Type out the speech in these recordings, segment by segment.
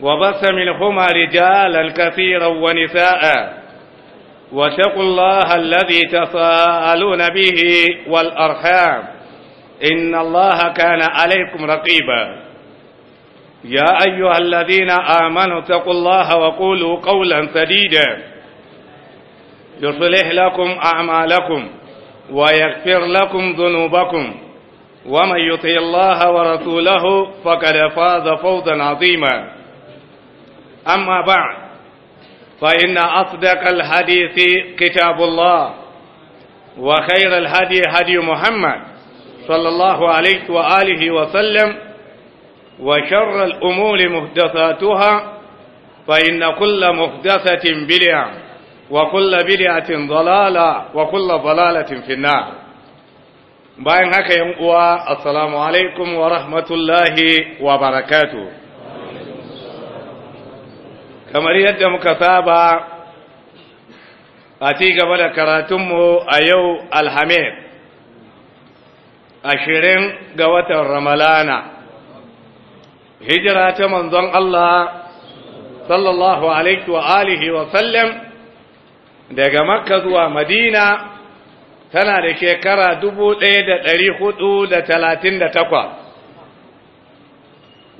وبث منهما رجالا كثيرا ونساء واتقوا الله الذي تساءلون به والأرحام إن الله كان عليكم رقيبا يا أيها الذين آمنوا اتقوا الله وقولوا قولا سديدا يصلح لكم أعمالكم ويغفر لكم ذنوبكم ومن يطيع الله ورسوله فقد فاز فوزا عظيما أما بعد فإن أصدق الحديث كتاب الله وخير الهدي هدي محمد صلى الله عليه وآله وسلم وشر الأمور محدثاتها فإن كل محدثة بدعة وكل بدعة ضلالة وكل ضلالة في النار باين هكا يمقوا السلام عليكم ورحمة الله وبركاته kamar yadda muka saba a ci gaba da karatunmu a yau alhamis ashirin ga watan ramalana hijira ta manzon Allah sallallahu alaihi wa alihi wa sallam daga makka zuwa madina tana da shekara dubu ɗaya da ɗari hudu da talatin da takwas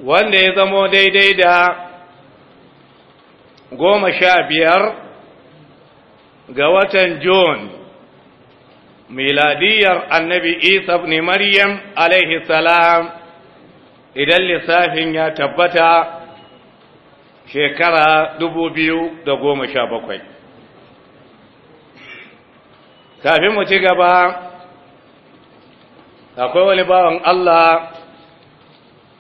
wanda ya zamo daidai da goma sha biyar ga watan Jun, miladiyar annabi Isa ne Maryam alaihi salam idan lissafin ya tabbata shekara dubu biyu da goma sha bakwai. Kafin mu ci gaba, akwai wani bawan Allah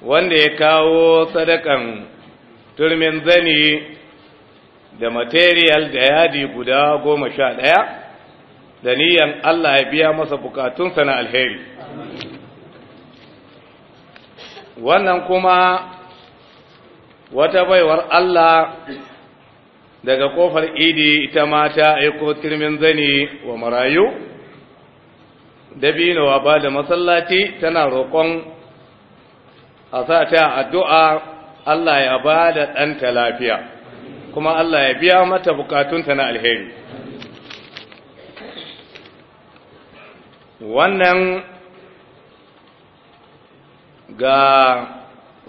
wanda ya kawo sadakan turmin zani da material da yadi guda goma sha ɗaya da niyan Allah ya biya masa bukatunsa na alheri wannan kuma wata baiwar Allah daga kofar idi ita mata aiko turmin zani wa marayu wa ba da masallaci tana roƙon a sa ta addu'a Allah ya ba da ɗanta lafiya kuma Allah ya biya mata bukatunta na alheri wannan ga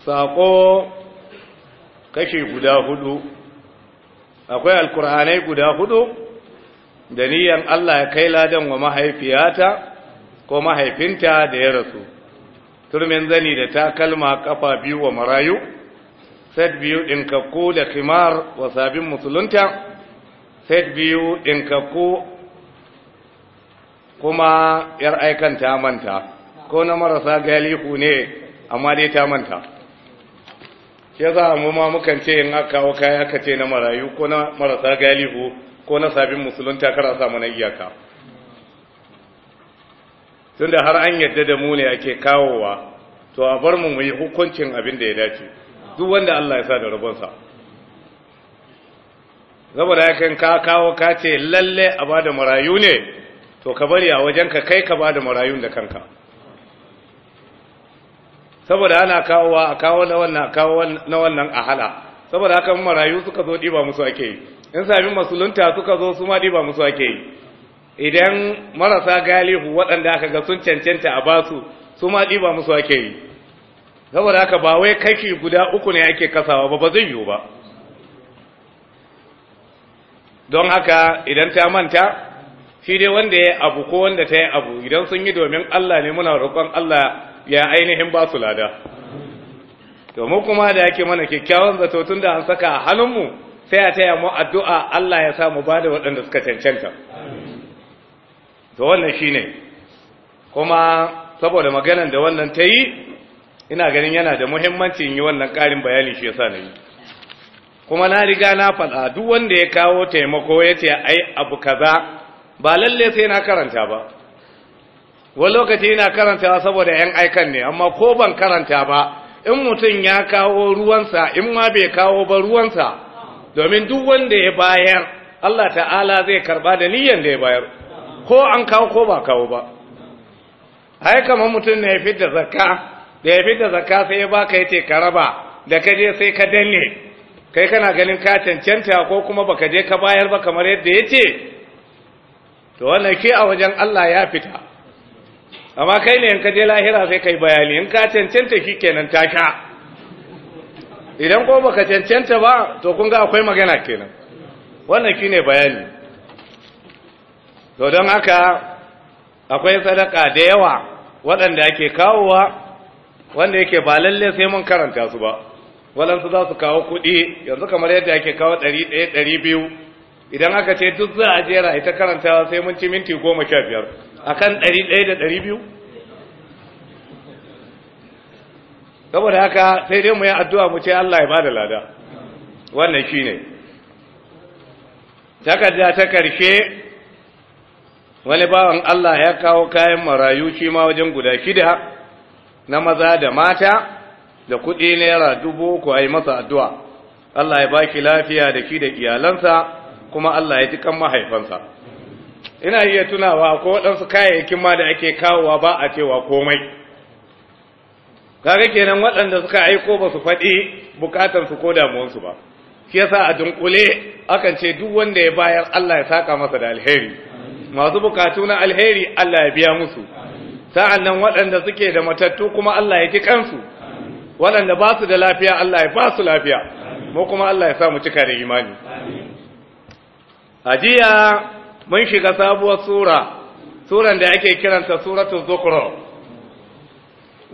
saƙo kashi guda hudu akwai alkur'anai guda hudu da niyan Allah ya kai ladan wa mahaifiyata ko mahaifinta da ya rasu turmin zani da takalma kafa biyu wa marayu set biyu ɗinkakku da khimar wa sabin musulunta set biyu ɗinkakku kuma ‘yar aikan ta manta ko na marasa galihu ne amma dai ta manta ya za mu ma mukan ce in aka kawo kaya ka ce na marayu ko na marasa galihu ko na sabin musulunta kara sa mana iyaka tunda har an yadda da mu ne ake kawowa to a bar mu mu yi hukuncin abin da ya dace duk wanda Allah ya sa da rabonsa saboda ya ka kawo ka ce lalle a ba da marayu ne to ka bari a wajenka kai ka ba da marayun da kanka saboda ana kawowa a kawo na wannan a kawo na wannan a hala saboda haka marayu suka zo ɗiba musu ake yi in sami masulunta suka zo su ma ɗiba musu ake yi idan marasa galihu waɗanda aka ga sun cancanta a basu su ma ɗiba musu ake yi saboda haka ba wai kashi guda uku ne ake kasawa ba ba zai yiwu ba don haka idan ta manta shi dai wanda ya abu ko wanda ta yi abu idan sun yi domin Allah ne muna roƙon Allah ya ainihin ba su lada domin kuma da yake mana kyakkyawan zato tun da an saka a hannunmu sai a taya mu addu'a Allah ya samu ba da waɗanda suka cancanta to wannan shi ne kuma saboda maganan da wannan ta yi ina ganin yana da muhimmanci in yi wannan ƙarin bayanin shi yasa na yi kuma na riga na faɗa duk wanda ya kawo taimako ya ce ai abu kaza ba lalle sai na karanta ba wani lokaci ina karantawa saboda yan aikan ne amma ko ban karanta ba in mutum ya kawo ruwansa in ma bai kawo ba ruwansa domin duk wanda ya bayar Allah ta'ala zai karba da niyyar da ya bayar ko an kawo ko ba kawo ba ai kamar mutum ne ya fitar zakka da ya fi da zakka sai ya baka yace ka raba da ka je sai ka danne kai kana ganin ka cancanta ko kuma baka je ka bayar ba kamar yadda yace to wannan ke a wajen Allah ya fita amma kai ne in ka je lahira sai kai bayani in ka cancanta kenan ta sha idan ko baka cancanta ba to kun ga akwai magana kenan wannan shine bayani to don haka akwai sadaka da yawa waɗanda ake kawowa wanda yake ba lalle sai mun karanta su ba walansu za su kawo kuɗi yanzu kamar yadda ake kawo ɗari ɗaya ɗari idan aka ce duk za a jera ita karantawa sai mun ci minti goma sha biyar a kan ɗari ɗaya da ɗari biyu saboda haka sai dai mu yi addu'a mu ce Allah ya ba da lada wannan shi ne takarda ta karshe wani bawan Allah ya kawo kayan marayu shi ma wajen guda shida na maza da mata da kuɗi naira dubu ku yi masa addu'a Allah ya baki lafiya da ki da iyalansa kuma Allah ya ji kan mahaifansa ina iya tunawa ko waɗansu kayayyakin ma da ake kawowa ba a cewa komai kare kenan waɗanda suka aiko ba su faɗi bukatansu ko damuwansu ba shi yasa a dunkule akan ce duk wanda ya bayar Allah ya saka masa da alheri masu bukatu na alheri Allah ya biya musu sa'an nan waɗanda suke da matattu kuma Allah ya ji kansu waɗanda ba su da lafiya Allah ya ba su lafiya mu kuma Allah ya sa mu cika da imani ajiya mun shiga sabuwar sura suran da ake kiranta suratul zukhruf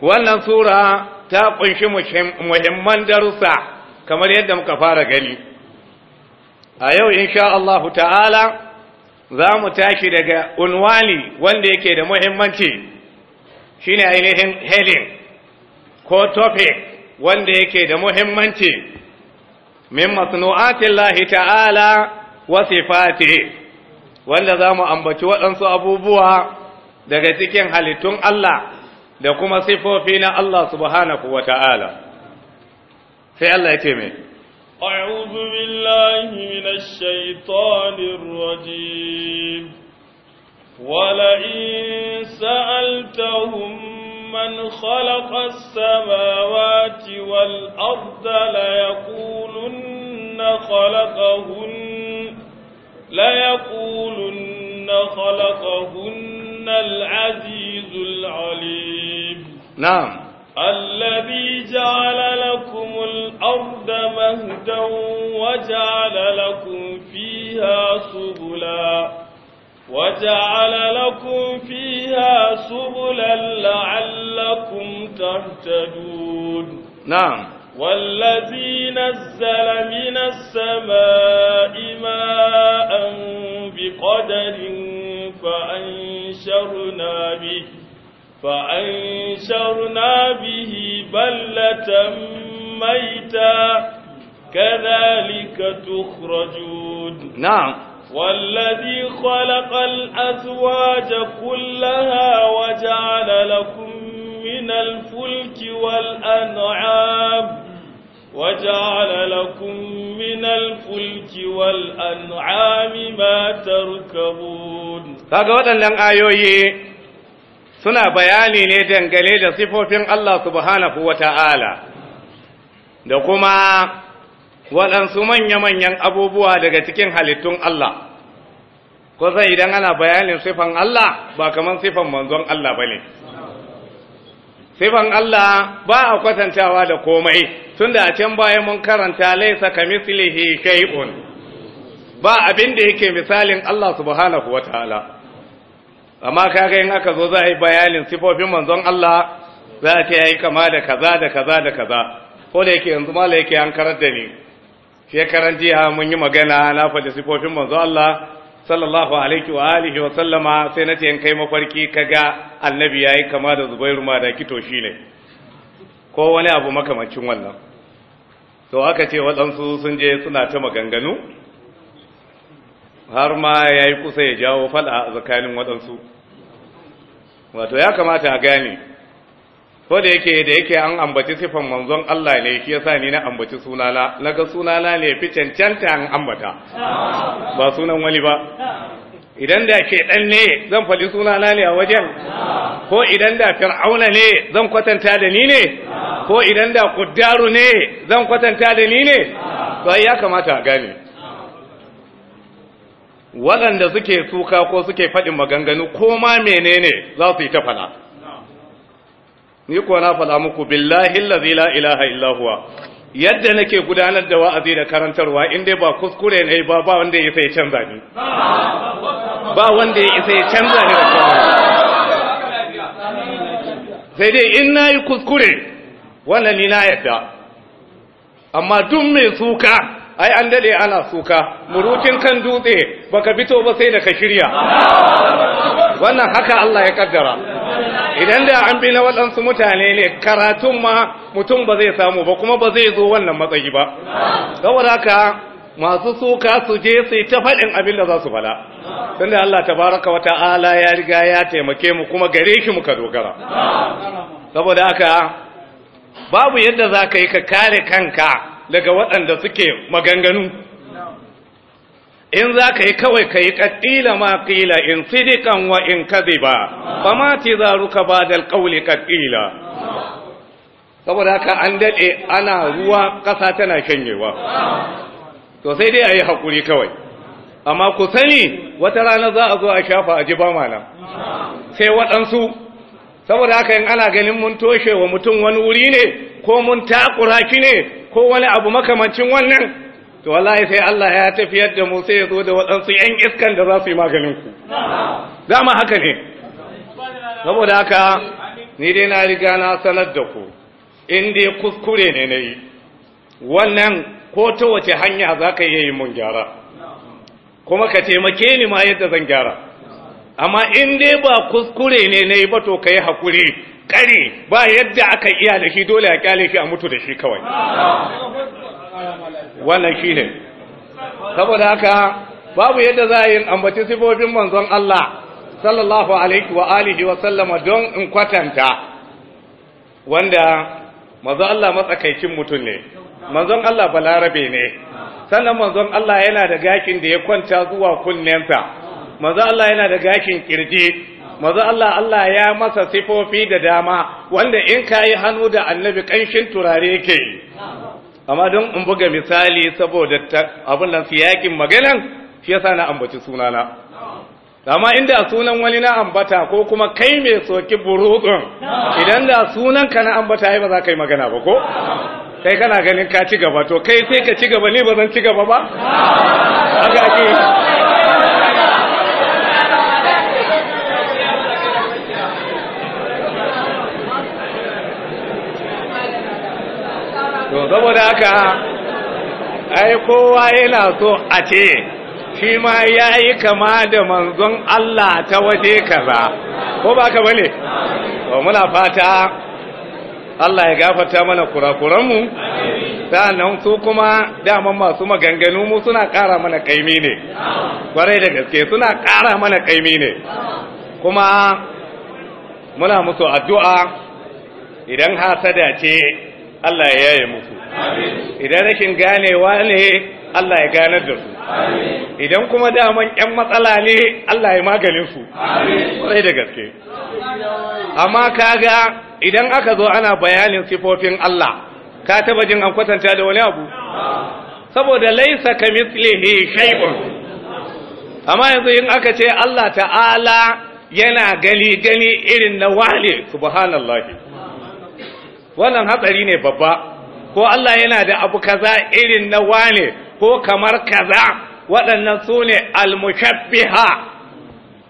wannan sura ta ƙunshi muhimman darussa kamar yadda muka fara gani a yau insha Allah ta'ala za mu tashi daga unwani wanda yake da muhimmanci shine ainihin heading ko topic wanda yake da muhimmanci min Lahi ta'ala wa sifatihi wanda zamu ambaci waɗansu abubuwa daga cikin halittun Allah da kuma sifofi na Allah subhanahu wa ta'ala sai Allah ya ce mai أعوذ بالله من الشيطان الرجيم ولئن سألتهم من خلق السماوات والأرض ليقولن خلقهن ليقولن خلقهن العزيز العليم نعم الذي جعل لكم الأرض مهدا وجعل لكم فيها سبلا وجعل لكم فيها سبلا لعلكم تهتدون نعم والذي نزل من السماء ماء بقدر فأنشرنا به فأنشرنا به بلة ميتا كذلك تخرجون نعم والذي خلق الأزواج كلها وجعل لكم من الفلك والأنعام وجعل لكم من الفلك والأنعام ما تركبون kaga waɗannan ayoyi suna bayani ne dangane da sifofin Allah subhanahu wata'ala da kuma waɗansu manya-manyan abubuwa daga cikin halittun Allah ko zai idan ana bayanin sifan Allah ba kamar sifan manzon Allah ba ne sifan Allah ba a kwatantawa da komai tunda a can bayan mun karanta laisa ka kamislihi un. ba abin da yake misalin Allah subhanahu wataala amma kaga in aka zo za a yi bayanin sifofin manzon Allah za a ce yi kama da kaza da kaza da kaza ko da yake yanzu mala yake an karar da ni shekaran jiya mun yi magana na faɗi sifofin manzo Allah sallallahu alaihi wa alihi wa sallama sai ce in kai mafarki kaga annabi yayi kama da Zubairu ma da kito ne. ko wani abu makamancin wannan to aka ce waɗansu sun je suna ta maganganu har ma yayi kusa ya jawo fada a tsakanin waɗansu wato ya kamata a gane ko da yake da yake an ambaci sifan manzon Allah ne shi yasa ni na ambaci sunana naga sunana ne fi cancanta an ambata ba sunan wani ba idan da ke dan ne zan fali sunana ne a wajen ko idan da fir'auna ne zan kwatanta da ni ne ko idan da kuddaru ne zan kwatanta da ni ne to ya kamata a gane waɗanda suke suka ko suke faɗin maganganu ko ma menene za su yi ta fada ni kuwa na faɗa muku billahi allazi la ilaha illa huwa yadda nake gudanar da wa'azi da karantarwa in dai ba kuskure ne ba ba wanda ya isa ya canza ni ba wanda ya isa ya canza ni da sai dai in yi kuskure wannan ni na yadda amma duk mai suka ai an dade ana suka Murucin kan dutse baka fito ba sai da ka shirya wannan haka Allah ya kaddara idan da an bi na waɗansu mutane ne karatun ma mutum ba zai samu ba kuma ba zai zo wannan matsayi ba saboda haka masu suka su je su ta faɗin abin da za su tun da Allah baraka wa ta'ala ya riga ya taimake mu kuma gare shi muka dogara saboda haka babu yadda za ka yi ka kare kanka daga waɗanda suke maganganu in za ka yi kawai ka yi ƙaƙƙila ma ƙila in sidikan wa in kazi ba ba ma ti ruka ba da ƙauli ƙaƙƙila saboda haka an daɗe ana ruwa ƙasa tana shanyewa to sai dai a yi haƙuri kawai amma ku sani wata rana za a zo a shafa a ji ba mana sai waɗansu saboda haka in ana ganin mun toshe wa mutum wani wuri ne ko mun takura shi ne ko wani abu makamancin wannan to wallahi sai Allah ya tafiyar da mu sai ya zo da waɗansu ‘yan iskan da za su yi maganin ku dama haka ne saboda haka ni dai na riga na sanar da ku in dai kuskure ne na yi wannan ko ta wace hanya za ka iya yi mun gyara kuma ka taimake ni ma yadda zan gyara amma in dai ba kuskure ne na yi ba to ka yi haƙuri kare ba yadda aka iya da shi dole a kyale shi a mutu da shi kawai wannan shi ne saboda haka babu yadda za a yi ambaci sifofin manzon Allah sallallahu alaihi wa alihi wa sallama don in kwatanta wanda manzon Allah matsakaicin mutum ne manzon Allah balarabe ne sannan manzon Allah yana da gakin da ya kwanta zuwa kunnensa manzon Allah yana da gakin kirji Mazu Allah Allah ya masa sifofi da dama wanda in ka yi hannu da annabi ƙanshin turare ke yi amma don in buga misali saboda abin nan yakin maganan shi yasa na ambaci sunana amma inda sunan wani na ambata ko kuma kai mai soki burukun idan da sunan ka na ambata ai ba za ka yi magana ba ko kai kana ganin ka ci gaba to kai sai ka ci gaba ne ba zan ci gaba ba saboda haka ai kowa yana so a ce shi ma ya yi kama da manzon Allah ta waje kaza ko ba ka bane to muna fata Allah ya gafarta mana kurakuranmu sa'annan su kuma daman masu maganganu mu suna ƙara mana kaimi ne kwarai da gaske suna ƙara mana kaimi ne kuma muna musu addu'a idan hasada ce Allah ya yaye muku idan rashin ganewa ne Allah ya ganar da su idan kuma daman ƴan matsala ne Allah ya maganin su sai da gaske amma kaga idan aka zo ana bayanin sifofin Allah ka taba jin an kwatanta da wani abu saboda laisa ka shay'un amma yanzu in aka ce Allah ta'ala yana gani gani irin na wali subhanallahi wannan hatsari ne babba ko Allah yana da abu kaza irin na wane ko kamar kaza waɗannan su ne almushabbiha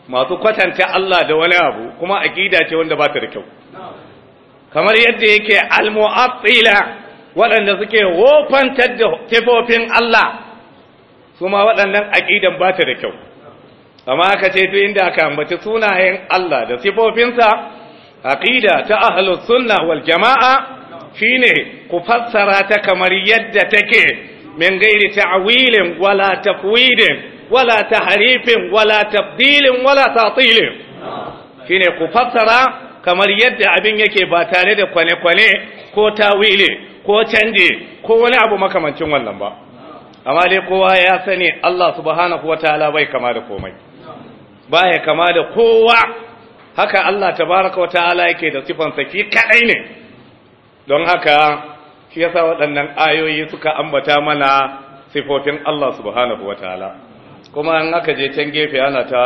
masu kwatanta Allah da wani abu kuma aƙida ce wanda ba ta da kyau kamar yadda yake almu'attila waɗanda suke wofantar da tafofin Allah kuma waɗannan aƙidan ba ta da kyau amma aka ce duk inda aka ambaci sunayen Allah da sifofinsa aqida ta ahlus sunna wal jama'a shine ku fassara ta kamar yadda take min gairi ta'wilin wala tafwidin wala tahrifin wala tabdilin wala ta'tilin shine ku fassara kamar yadda abin yake ba tare da kwane-kwane ko tawili ko canje ko wani abu makamancin wannan ba amma dai kowa ya sani Allah subhanahu wataala bai kama da komai baya kama da kowa haka Allah tabaraka wa ta'ala yake da sifansa ki kaɗai ne don haka shi yasa waɗannan ayoyi suka ambata mana sifofin Allah subhanahu wa ta'ala kuma an aka je can gefe ana ta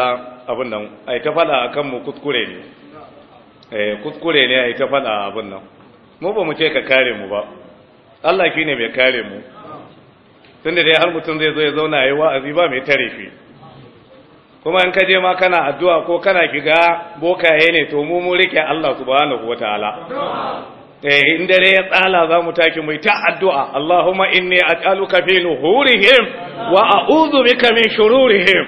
abin nan ai ta fada akan mu kuskure ne eh, kuskure ne ai ta fada abin nan mu ba mu ce ka kare mu ba Allah ne mai kare mu tunda dai har mutum zai zo ya zauna yayi wa'azi ba mai tarefi. kuma in ka je ma kana addu'a ko kana kiga bokaye ne to mu rike Allah subhanahu ta'ala eh, in dare ya tsala za mu tafi mai ta addu'a Allahumma inni as'aluka fi nuhurihim wa a'udhu bika min shururihim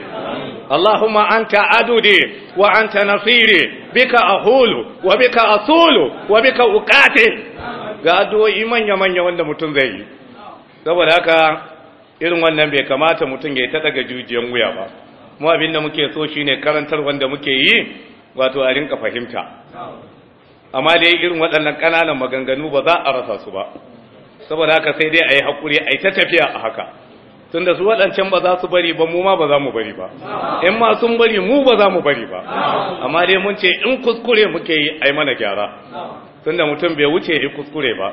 Allahumma an ta'adudi, wa anta nasiri bika ahulu wa bika asulu wa bika uqati ga addu'o'i manya manya wanda mutum zai yi saboda haka irin wannan bai kamata mutum ya ta daga jujiyan wuya ba mu abin da muke so shine karantar wanda muke yi wato a rinka fahimta amma dai irin waɗannan ƙananan maganganu ba za a rasa su ba saboda haka sai dai a yi haƙuri a yi ta tafiya a haka tun da su waɗancan ba za su bari ba mu ma ba za mu bari ba in ma sun bari mu ba za mu bari ba amma dai mun ce in kuskure muke yi a mana gyara tun mutum bai wuce yi kuskure ba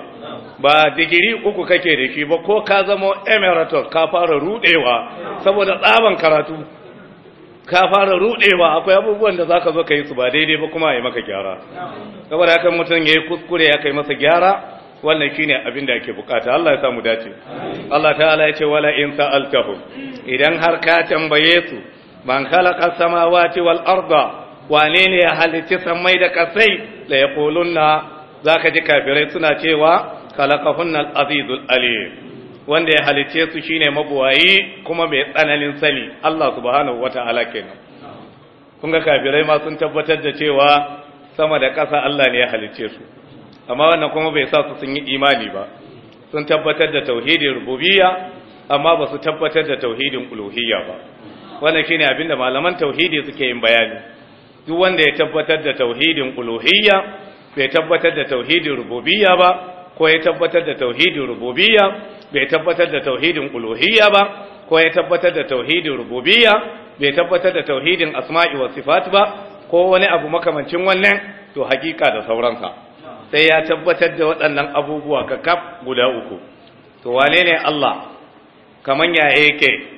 ba digiri uku kake da shi ba ko ka zama emirator ka fara rudewa saboda tsaban karatu ka fara rudewa akwai abubuwan da zaka zo ka yi su ba daidai ba kuma a maka gyara saboda haka mutum ya yi kuskure ya kai masa gyara wannan shine abin da ake bukata Allah ya samu dace Allah ta'ala ya ce wala in sa'altahu idan har ka tambaye su man khalaqa samawati wal arda wane ne ya halitta samai da kasai la yaquluna zaka ji kafirai suna cewa khalaqahunna al azizul alim wanda ya halice su shine mabuwayi kuma mai tsananin sani Allah subhanahu wata'ala kenan kun ga kafirai ma sun tabbatar da cewa sama da ƙasa Allah ne ya halice su amma wannan kuma bai sa su sun yi imani ba sun tabbatar da tauhidin rububiyya amma ba su tabbatar da tauhidin uluhiyya ba wannan shine abinda da malaman tauhidi suke yin bayani duk wanda ya tabbatar da tauhidin uluhiyya bai tabbatar da tauhidin rububiyya ba ko ya tabbatar da tauhidin rububiyya bai tabbatar da tauhidin uluhiyya ba ko ya tabbatar da tauhidin rububiyya bai tabbatar da tauhidin asma'i wa sifat ba ko wani abu makamancin wannan to hakika da sauransa sai ya tabbatar da waɗannan abubuwa kakaf guda uku to wane ne Allah kaman ya yake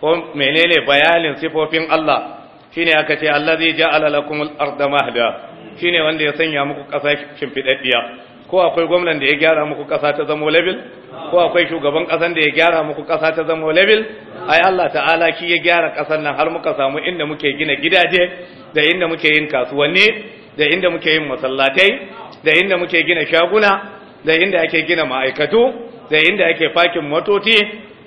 ko menene bayanin sifofin Allah shine aka ce allazi ja'ala lakumul arda mahda shine wanda ya sanya muku ƙasa shimfidaddiya ko akwai gwamnan da ya gyara muku ƙasa ta zamo level ko akwai shugaban ƙasan da ya gyara muku ƙasa ta zamo level ai Allah ta'ala ki ya gyara ƙasan nan har muka samu inda muke gina gidaje da inda muke yin kasuwanni da inda muke yin masallatai da inda muke gina shaguna da inda ake gina ma'aikatu da inda ake fakin motoci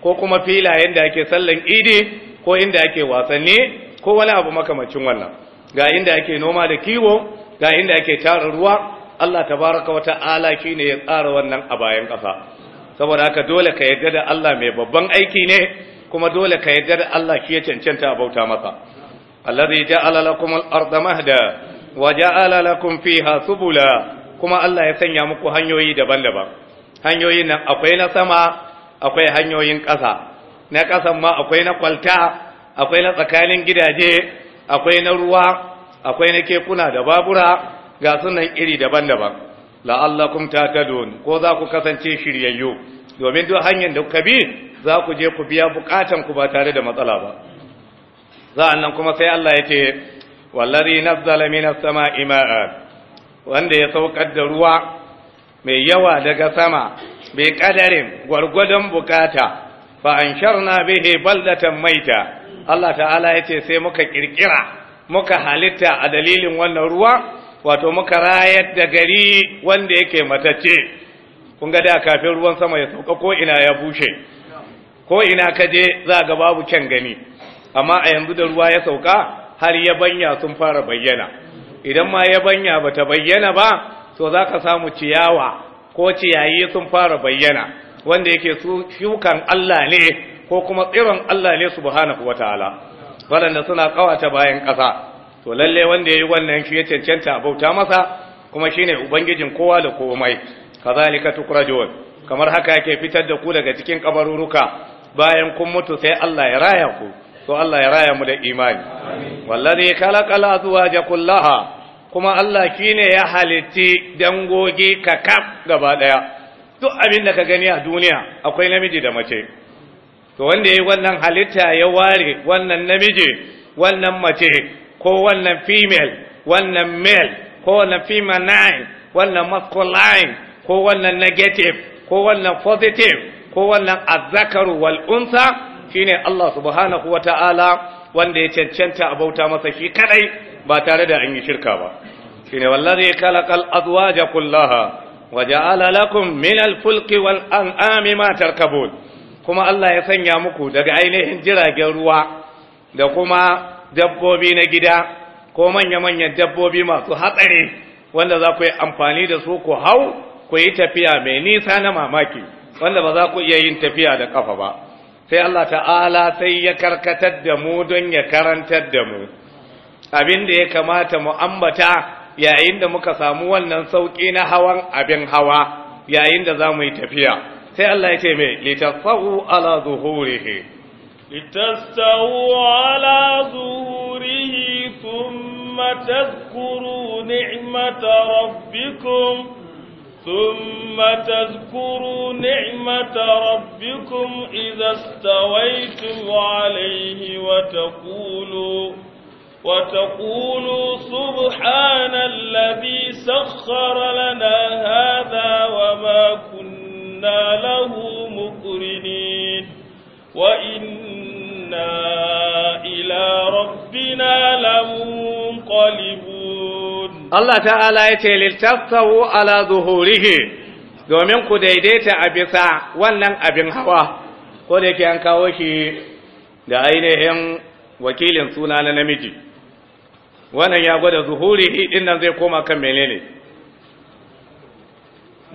ko kuma filayen da ake sallan idi ko inda ake wasanni ko wani abu makamacin wannan ga inda ake noma da kiwo ga inda ake tara ruwa Allah ta tabaraka wata ta'ala ne ya tsara wannan a bayan ƙasa saboda haka dole ka yarda da Allah mai babban aiki ne kuma dole ka yarda da Allah shi ya cancanta a bauta masa alladhi ja'ala lakum al-ardha mahda wa ja'ala lakum fiha subula kuma Allah ya sanya muku hanyoyi daban-daban hanyoyin nan akwai na sama akwai hanyoyin ƙasa na ƙasan ma akwai na kwalta akwai na tsakanin gidaje akwai na ruwa akwai na kekuna da babura ga sunan iri daban-daban la'allakum tahtadun ko za ku kasance shiryayyu domin duk hanyar da kuka bi za ku je ku biya bukatan ku ba tare da matsala ba za nan kuma sai Allah ya ce wallari nazzala minas sama'i ma'a wanda ya saukar da ruwa mai yawa daga sama bai kadarin gwargwadon bukata fa ansharna bihi baldatan maita Allah ta'ala yace sai muka kirkira muka halitta a dalilin wannan ruwa wato muka rayar da gari wanda yake matacce kun ga da kafin ruwan sama ya sauka ko ina ya bushe ko ina kaje za ga babu kyan gani amma a yanzu da ruwa ya sauka har yabanya sun fara bayyana idan ma yabanya ta bayyana ba to za ka samu ciyawa ko ciyayi sun fara bayyana wanda yake su shukan Allah ne ko kuma tsiron Allah ne subhanahu wataala waɗanda suna kawata bayan ƙasa to lalle wanda yayi wannan shi ya cancanta bauta masa kuma shine ubangijin kowa da komai kazalika tukrajun kamar haka yake fitar da ku daga cikin kabaruruka bayan kun mutu sai Allah ya raya ku to Allah ya raya mu da imani wallazi kala azwaja kullaha kuma Allah shine ya halitti dangoge kakaf gaba daya duk abin da ka gani a duniya akwai namiji da mace to wanda yayi wannan halitta ya ware wannan namiji wannan mace ko wannan female wannan male ko wannan feminine wannan masculine ko wannan negative ko wannan positive ko wannan azzakaru wal unsa shine Allah subhanahu Taala wanda ya cancanta a bauta masa shi kadai ba tare da an yi shirka ba shine wallazi khalaqal azwaja kullaha wa ja'ala lakum min al-fulki wal an'ami ma tarkabun kuma Allah ya sanya muku daga ainihin jiragen ruwa da kuma dabbobi na gida ko manya-manyan dabbobi masu hatsari wanda za ku yi amfani da su ku hau ku yi tafiya mai nisa na mamaki wanda ba za ku iya yin tafiya da kafa ba sai Allah ta'ala sai ya karkatar da mu don ya karantar da mu abin da ya kamata mu ambata yayin da muka samu wannan sauki na hawan abin hawa yayin da za mu yi tafiya sai Allah ya ce mai litasau ala zuhurihi لتستووا على ظهوره ثم تذكروا نعمة ربكم ثم تذكروا نعمة ربكم إذا استويتم عليه وتقولوا وتقولوا سبحان الذي سخر لنا هذا وما كنا له مقرنين وإنا إلى ربنا لمنقلبون الله تعالى يتي لتفتروا ala zuhurihi, domin ku daidaita a bisa wannan abin hawa ko da yake an kawo shi da ainihin wakilin suna na namiji wannan ya gwada zuhurihi din nan zai koma kan menene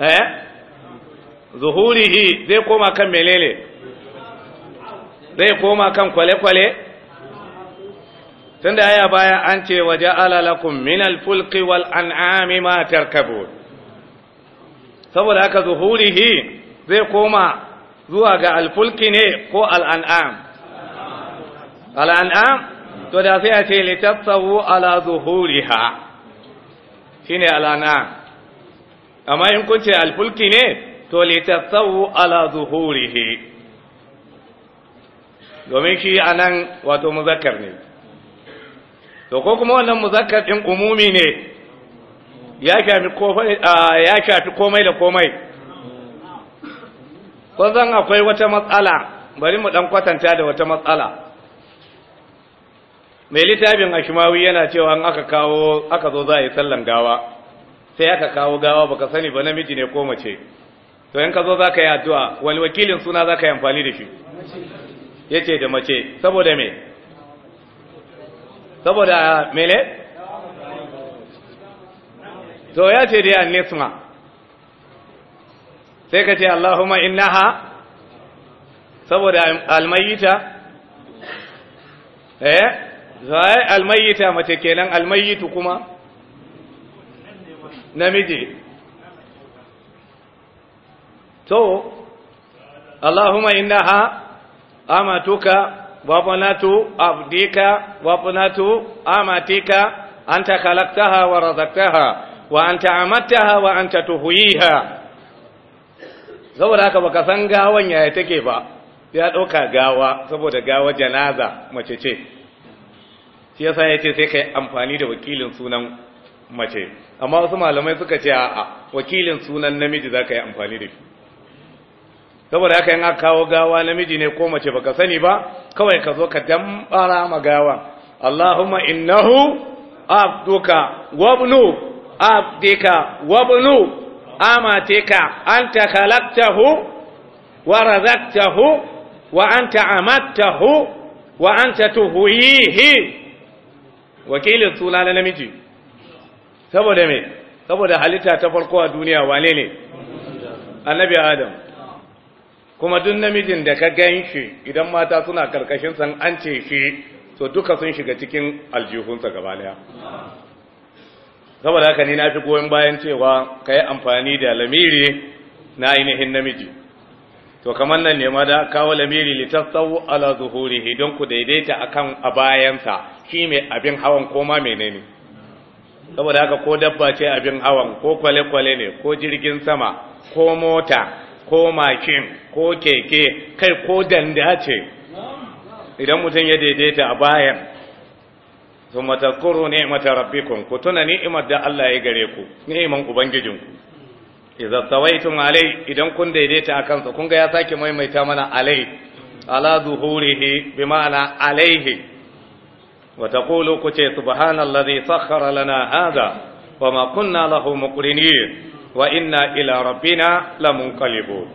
eh zuhurihi zai koma kan menene zai koma kan kwale-kwale tunda aya baya an ce waje alalakun minal fulki wal an'ami ma tarkabu saboda haka zuhurihi zai koma zuwa ga alfulki ne ko al'an'am al'an'am to da sai a ce littattawo ala zuhuriha shine ne al'an'am amma in kun ce alfulki ne to littattawo ala zuhurihi domin shi a nan wato muzakkar ne to ko kuma wannan muzakkar ɗin umumi ne ya shafi komai da komai Ko zan akwai wata matsala bari mu ɗan kwatanta da wata matsala mai littafin ashimawi yana cewa an aka kawo aka zo za a yi sallan gawa sai aka kawo gawa baka sani ba namiji ne ko mace to in ka zo za ka yi addu'a wani wakilin suna za ka yi amfani da shi yace da mace saboda me saboda mele to ya ce dai nisma sai ka ce Allahumma innaha saboda almayita eh zai almayita mace kenan almayitu kuma namiji to Allahumma innaha amatuka wa abdika wa amatika anta khalaqtaha wa razaqtaha wa anta amattaha wa anta tuhyiha saboda haka baka san gawan yaya take ba ya dauka gawa saboda gawa janaza mace ce shi yasa yace sai kai amfani da wakilin sunan mace amma wasu malamai suka ce a'a wakilin sunan namiji zaka yi amfani da shi saboda haka yin kawo gawa namiji ne ko mace baka sani ba kawai ka zo ka dambara ma gawa Allahumma innahu abduka wabnu abdika wabnu amateka anta khalaqtahu wa razaqtahu wa anta amattahu wa anta tuhyihi wakilin suna na namiji saboda me saboda halitta ta farko a duniya wane ne annabi adam kuma duk namijin da ka gan shi idan mata suna karkashin san an ce shi to duka sun shiga cikin aljihunsa gaba daya saboda haka ni na fi goyon bayan cewa ka yi amfani da lamiri na ainihin namiji to kamar nan ne ma da kawo lamiri litattau ala zuhurihi don ku daidaita akan a bayansa shi mai abin hawan koma menene saboda haka ko dabba ce abin hawan ko kwale-kwale ne ko jirgin sama ko mota ko makin ko keke kai ko danda ce idan mutum ya daidaita a bayan su matakuru mata rabbikun ku tuna ni'imar da Allah ya gare ku ni'iman ubangijinku idza sawaitum alai idan kun daidaita a kansa kun ga ya sake maimaita mana alai ala zuhurihi bi ma'ana alaihi wa taqulu ku ce subhanallazi sakhkhara lana hadha wa ma kunna lahu muqrinin wa inna ila rabbina lamunqalibun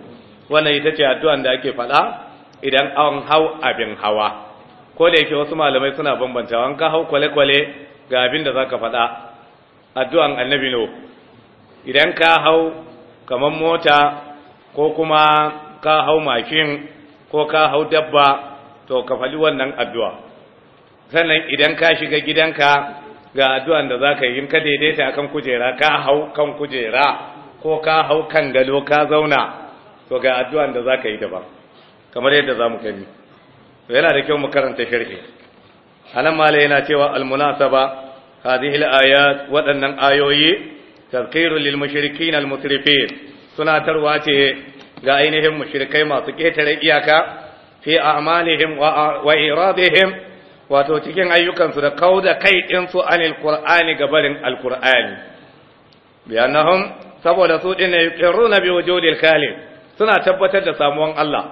wannan ita ce addu'an da ake faɗa idan an hau abin hawa ko da yake wasu malamai suna bambanta an ka hau kwale-kwale ga abin da zaka faɗa addu'an annabi no idan ka hau kamar mota ko kuma ka hau mashin ko ka hau dabba to ka faɗi wannan addu'a sannan idan ka shiga gidanka ga addu'an da ka yi in ka daidaita kan kujera ka hau kan kujera ko ka hau kan galo ka zauna to ga addu'an da zaka yi daban kamar yadda zamu gani to yana da kyau mu karanta anan mala yana cewa almunasaba hadhihi alayat waɗannan ayoyi tazkirul lil mushrikin al musrifin tunatarwa ce ga ainihin mushrikai masu ƙetare iyaka fi a'malihim wa iradihim wato cikin ayyukansu da kawo da kai ɗinsu anil qur'ani ga barin alqur'ani biyanahum saboda su ɗin yuqirruna bi wujudil khaliq suna tabbatar da samuwan Allah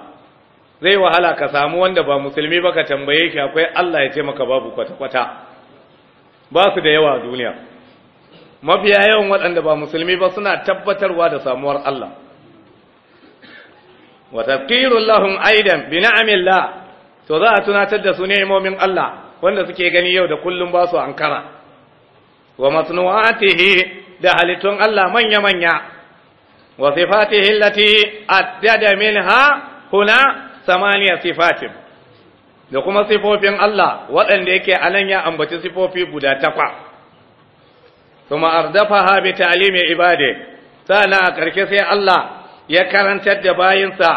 zai wahala ka samu wanda ba musulmi ba ka tambaye shi akwai Allah ya ce maka babu kwata kwata ba su da yawa a duniya mafiya yawan waɗanda ba musulmi ba suna tabbatarwa da samuwar Allah wa tafkirullahun aidan bi ni'amillah to za a tunatar da su ni'imomin Allah wanda suke gani yau da kullum ba su ankara wa masnu'atihi da halittun Allah manya manya wa sifatihi lati, addada minha huna samaniya sifatin da kuma sifofin Allah waɗanda yake anan ya ambaci sifofi guda takwa kuma ardafaha bi ta'limi ibade sana a karke sai Allah ya karantar da bayinsa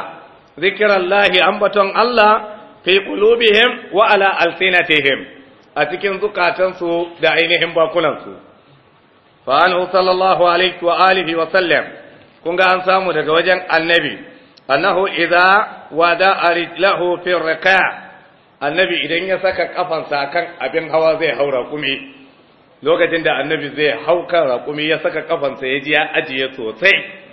zikirallahi ambaton Allah fi qulubihim wa ala alsinatihim a cikin zukatansu da ainihin bakunansu fa anhu sallallahu alaihi wa alihi wa sallam kun ga an samu daga wajen annabi annahu idza wada rijlahu fi riqa annabi idan ya saka kafansa kan abin hawa zai haura kumi lokacin da annabi zai hauka raƙumi ya saka kafansa ya ji ya ajiye sosai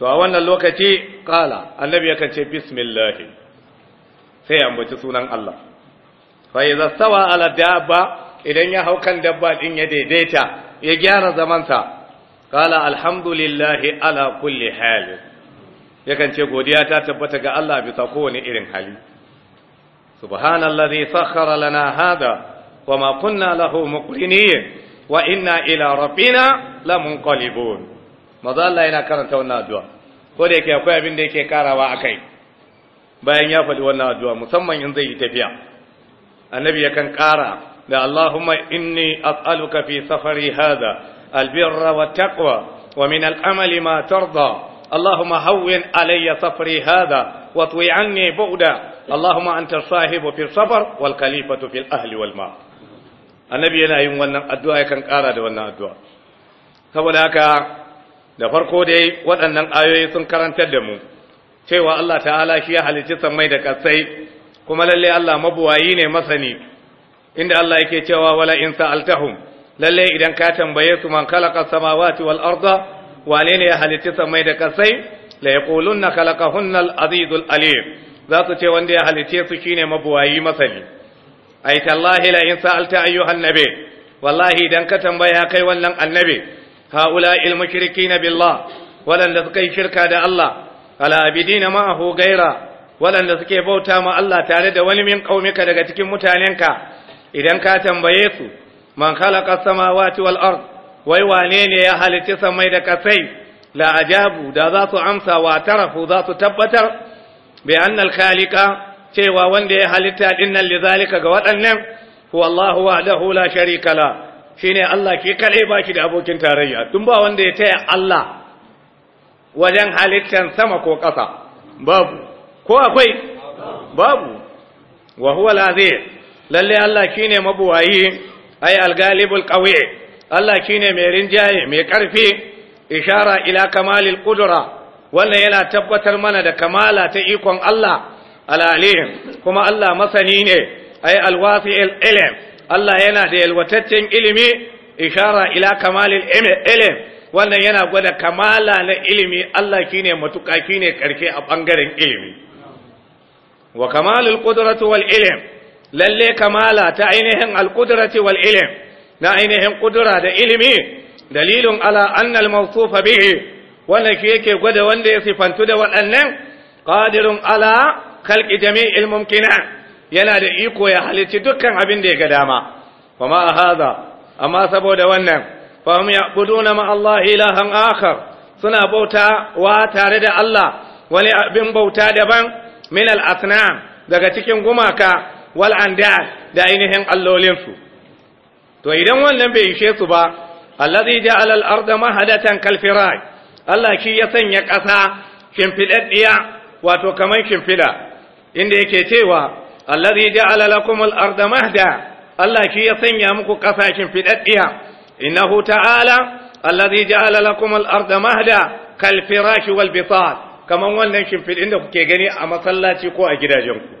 to a wannan lokaci kala annabi yakan ce bismillah sai ya ambaci sunan Allah fa idza stawa ala dabba idan ya hau kan dabba din ya daidaita ya gyara zamansa kala alhamdulillahi ala kulli hal yakan ce godiya ta tabbata ga Allah bisa kowane irin hali subhanallazi sakhkhara lana hada wama kunna lahu muqrinin wa inna ila rabbina lamunqalibun maza Allah yana karanta wannan addu'a ko da yake akwai abin da yake karawa akai bayan ya faɗi wannan addu'a musamman in zai yi tafiya annabi yakan kara da Allahumma inni as'aluka fi safari hada albirra wa taqwa wa min al'amali ma tarda اللهم هون علي سفري هذا واطوي عني بعدا fi safar. Wal في السفر والخليفة في الأهل Annabi yana yin wannan addu'a yakan ƙara da wannan addu'a saboda haka da farko dai waɗannan ayoyi sun karantar da mu cewa Allah ta'ala shi ya halicci sammai da katsai kuma lalle Allah mabuwayi ne masani inda Allah yake cewa wala in sa'altahum lalle idan ka tambaye su man khalaqa samawati wal arda wane ne ya halicci sammai da katsai la yaqulunna khalaqahunna azizul alim za su ce wanda ya halicce su shine mabuwayi masani ay tallahi la in sa'alta ayyuhan nabi wallahi idan ka tambaya kai wannan annabi هؤلاء المشركين بالله ولن لسكي شركة دا الله على أبدين معه غيره ولن لسكي بوتا ما الله تعالى ولمن قومك دا تكين متعلنك إذن كاتم بيسو من خلق السماوات والأرض ويوانين يا هل تسمي دا كسي لا أجابوا دا ذات أمسى واعترفوا ذات تبتر بأن الخالق cewa wanda ya halitta dinnan lidhalika ga waɗannan huwa Allahu wahdahu la sharika la shine Allah ke kadai baki da abokin tarayya tun ba wanda ya taya Allah wajen halittar sama ko ƙasa babu ko akwai babu wa huwa lazir lalle Allah ne mabuwayi ai al-galibul qawi Allah ne mai rinjaye mai karfi ishara ila kamalil ƙudura, wannan yana tabbatar mana da kamala ta ikon Allah al kuma Allah masani ne ay al-wasi'il Allah yana da yalwataccen ilimi ishara ila kamalil ilm wannan yana gwada kamala na ilimi Allah matuƙa matuka ne karke a bangaren ilimi wa kamalul qudrati wal ilim lalle kamala ta ainihin al wal ilim na ainihin kudura da ilimi dalilun ala annal mawsufa bihi wannan shi yake gwada wanda ya sifantu da waɗannan qadirun ala khalqi jami'il mumkinat yana da iko ya halicci dukkan abin da ya ga dama fa ma hada amma saboda wannan fa hum ya'buduna ma Allah ilahan akhar suna bauta wa tare da Allah wani abin bauta daban min al asnam daga cikin gumaka wal anda da ainihin allolin su to idan wannan bai ishe su ba allazi ja'ala al arda mahadatan kal firaj Allah shi ya sanya ƙasa shimfiɗaɗɗiya wato kamar shimfida inda yake cewa allazi ja'ala lakum al-arda mahda Allah shi ya sanya muku kasashen fidaddiya innahu ta'ala allazi ja'ala lakum al-arda mahda kal firash wal bitat kaman wannan shimfidin da kuke gani a masallaci ko a gidajenku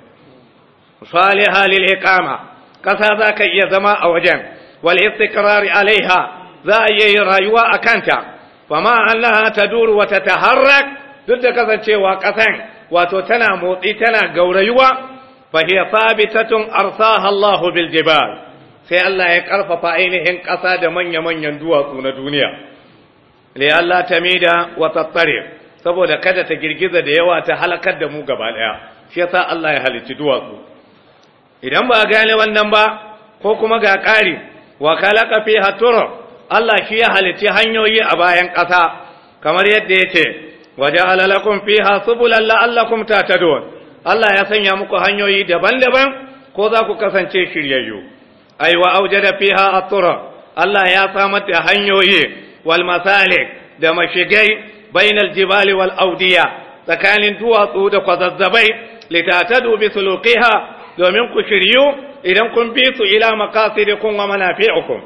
saliha lil iqama kasa za ka iya zama a wajen wal istiqrar alaiha za a iya yin rayuwa a kanta fama annaha taduru wa tataharrak duk da kasancewa kasan wato tana motsi tana gaurayuwa fa hiya thabitatun arsaha Allahu bil sai Allah ya karfafa ainihin ƙasa da manya-manyan duwatsu na duniya li Allah tamida wa saboda kada ta girgiza da yawa ta halakar da mu gaba ɗaya, shi yasa Allah ya halicci duwatsu idan ba a gane wannan ba ko kuma ga ƙari wa khalaqa fiha turab Allah shi ya halicci hanyoyi a bayan ƙasa kamar yadda yake waje alalakun fiha subulan la'allakum tatadun Allah ya sanya muku hanyoyi daban-daban ko za ku kasance shiryayyu ai wa da fiha a turaq Allah ya samar da hanyoyi wal masalik da mashigai bainal jibali wal audiya tsakanin duwatsu da kwazazzabai litatadu bi suluqiha domin ku shiryu idan kun bi su ila maqasidikum wa manafi'ukum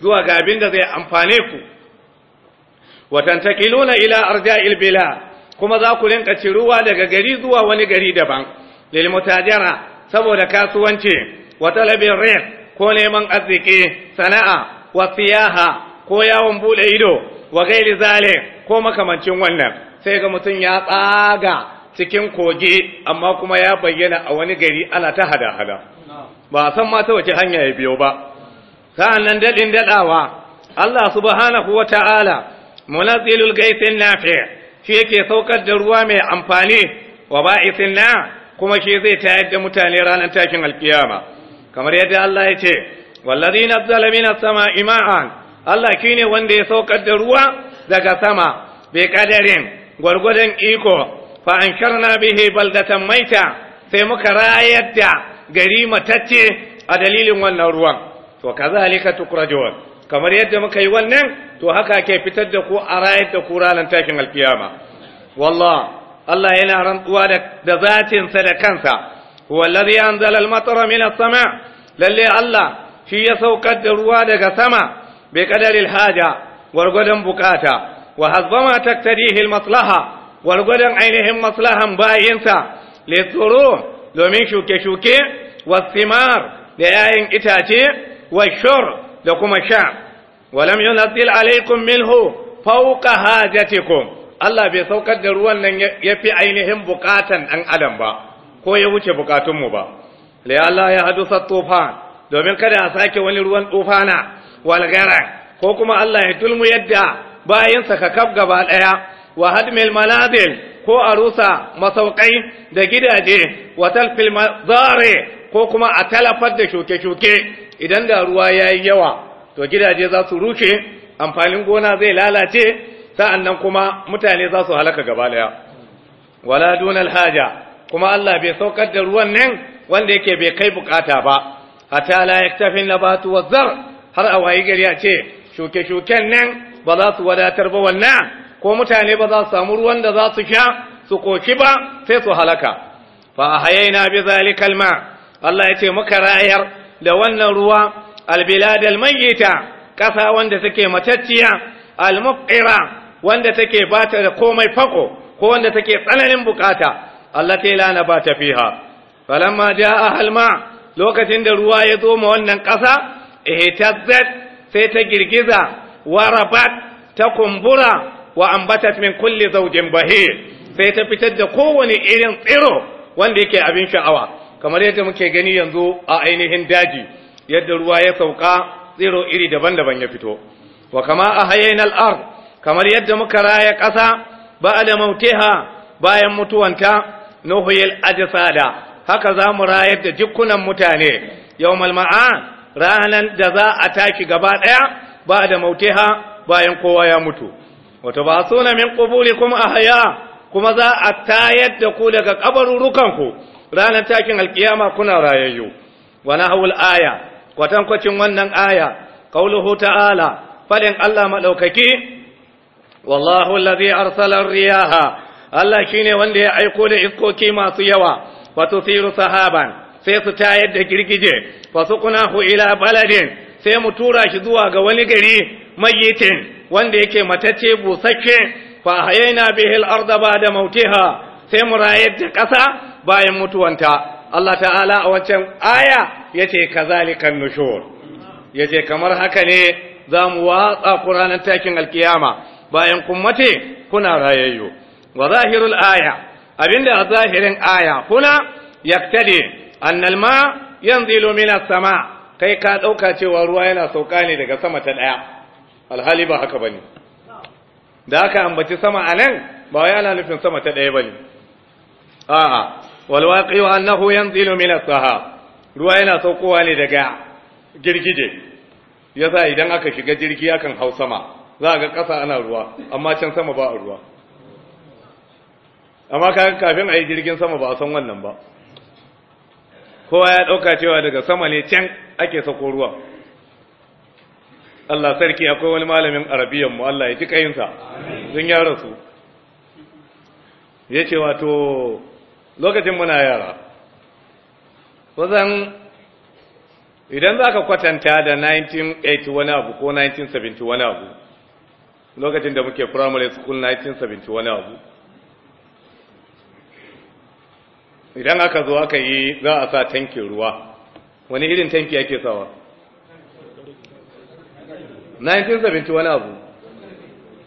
zuwa ga abin da zai amfane ku wa tantakiluna ila arja'il bila kuma za ku rinka ruwa daga gari zuwa wani gari daban lil mutajara saboda kasuwanci wa talabin rizq ko neman arziki sana'a wa siyaha ko yawon bude ido wa gairi zale ko makamancin wannan sai ga mutum ya tsaga cikin kogi amma kuma ya bayyana a wani gari ala ta hada-hada ba san ma ta wace hanya ya biyo ba sa'an nan daɗin daɗawa Allah subhanahu wa ta'ala munazzilul gaisin nafi' shi yake saukar da ruwa mai amfani wa ba'isin na kuma shi zai tayar da mutane ranar tashin alkiyama kamar yadda Allah ya ce wallazi nazzala minas sama'i ma'an Allah ne wanda ya saukar da ruwa daga sama bai kadarin gwargwadon iko fa ankarna bihi baldatan maita sai muka rayar da gari matacce a dalilin wannan ruwan to kazalika tukrajun kamar yadda muka yi wannan to haka ke fitar da ku a rayar da ku ranar takin alfiyama. wallah Allah yana rantsuwa da zatinsa da kansa wallazi anzala al-matara min as-sama lalle Allah shi ya saukar da ruwa daga sama bi qadaril haja gwargwadon bukata wa hazbama taktarihi al-maslaha gwargwadon ainihin maslahan bayinsa litsoro domin shuke-shuke wa simar da yayin itace wa shur. da kuma sha walam yunzil alaikum minhu fawqa hajatikum Allah bai saukar da ruwan nan yafi ainihin bukatan dan adam ba ko ya wuce bukatun mu ba la Allah ya hadusa tufan domin kada a sake wani ruwan tufana wal ko kuma Allah ya tulmu yadda bayan saka kaf gaba daya wa hadmil maladil ko a rusa masaukai da gidaje wa talfil mazare ko kuma a talafar da shuke-shuke idan da ruwa ya yi yawa to gidaje za su ruke amfanin gona zai lalace sa'annan kuma mutane za su halaka gaba daya wala dunal haja kuma Allah bai saukar da ruwan nan wanda yake bai kai bukata ba Hata la na nabatu wazar har a wayi gari a ce shuke-shuken nan ba za su wadatar ba wannan ko mutane ba za su samu ruwan da za su sha su koki ba sai su halaka fa na bi zalikal ma Allah ya ce muka rayar da wannan ruwa albilad almayyita ƙasa wanda take matacciya almuqira wanda take bata da komai fako ko wanda take tsananin bukata allati ba ta fiha falamma jaa halma lokacin da ruwa ya zo ma wannan ƙasa ihtazzat sai ta girgiza warabat ta kumbura wa ambatat min kulli zawjin bahir sai ta fitar da kowane irin tsiro wanda yake abin sha'awa kamar yadda muke gani yanzu a ainihin daji yadda ruwa ya sauka tsiro iri daban-daban ya fito wa kama a hayainal ard kamar yadda muka raya ƙasa ba a da mautiha bayan mutuwanta nuhuyil ajsada haka za mu rayar da jikunan mutane Yau malma'a, ranan da za a tashi gaba ɗaya ba da mautiha bayan kowa ya mutu Wata ba suna min ƙubuli kuma a haya kuma za a tayar da ku daga ƙabarurukanku ranar takin alkiyama kuna rayayyu wani haul aya kwatankwacin wannan aya kauluhu ta'ala fadin Allah maɗaukaki. wallahu alladhi arsalar riyaha Allah shi ne wanda ya aiko da iskoki masu yawa wato tusiru sahaban sai su tayar da girgije kuna hu ila baladin sai mu tura shi zuwa ga wani gari mayyitin wanda yake matacce busakke fa hayaina bihil al da da mautiha sai mu rayar da ƙasa bayan mutuwanta Allah ta'ala a wancan aya yace kazalikan nushur yace kamar haka ne za zamu watsa Qur'anin takin alkiyama bayan kun kuna rayayyo wa zahirul aya abinda a zahirin aya kuna yaktadi annal ma yanzilu minas sama kai ka ɗauka cewa ruwa yana sauka ne daga sama ta daya alhali ba haka bane da aka ambaci sama anan ba wai ana nufin sama ta daya bane a'a والواقع أنه ينزل من الصحاب ruwa yana saukowa ne daga girgije yasa idan aka shiga jirgi akan hau sama za ga ƙasa ana ruwa amma can sama ba a ruwa amma kafin a yi jirgin sama ba a san wannan ba kowa ya ɗauka cewa daga sama ne can ake sauko ruwa Allah sarki akwai wani malamin arabiyan mu Allah ya ji kayinsa sun ya rasu ya ce wato lokacin muna yara wazan idan za ka kwatanta da 1980 wani abu ko 1970 wani abu lokacin da muke primary school 1970 wani abu idan aka zo aka yi za a sa tankin ruwa wani irin tanki ake sawa 1970 wani abu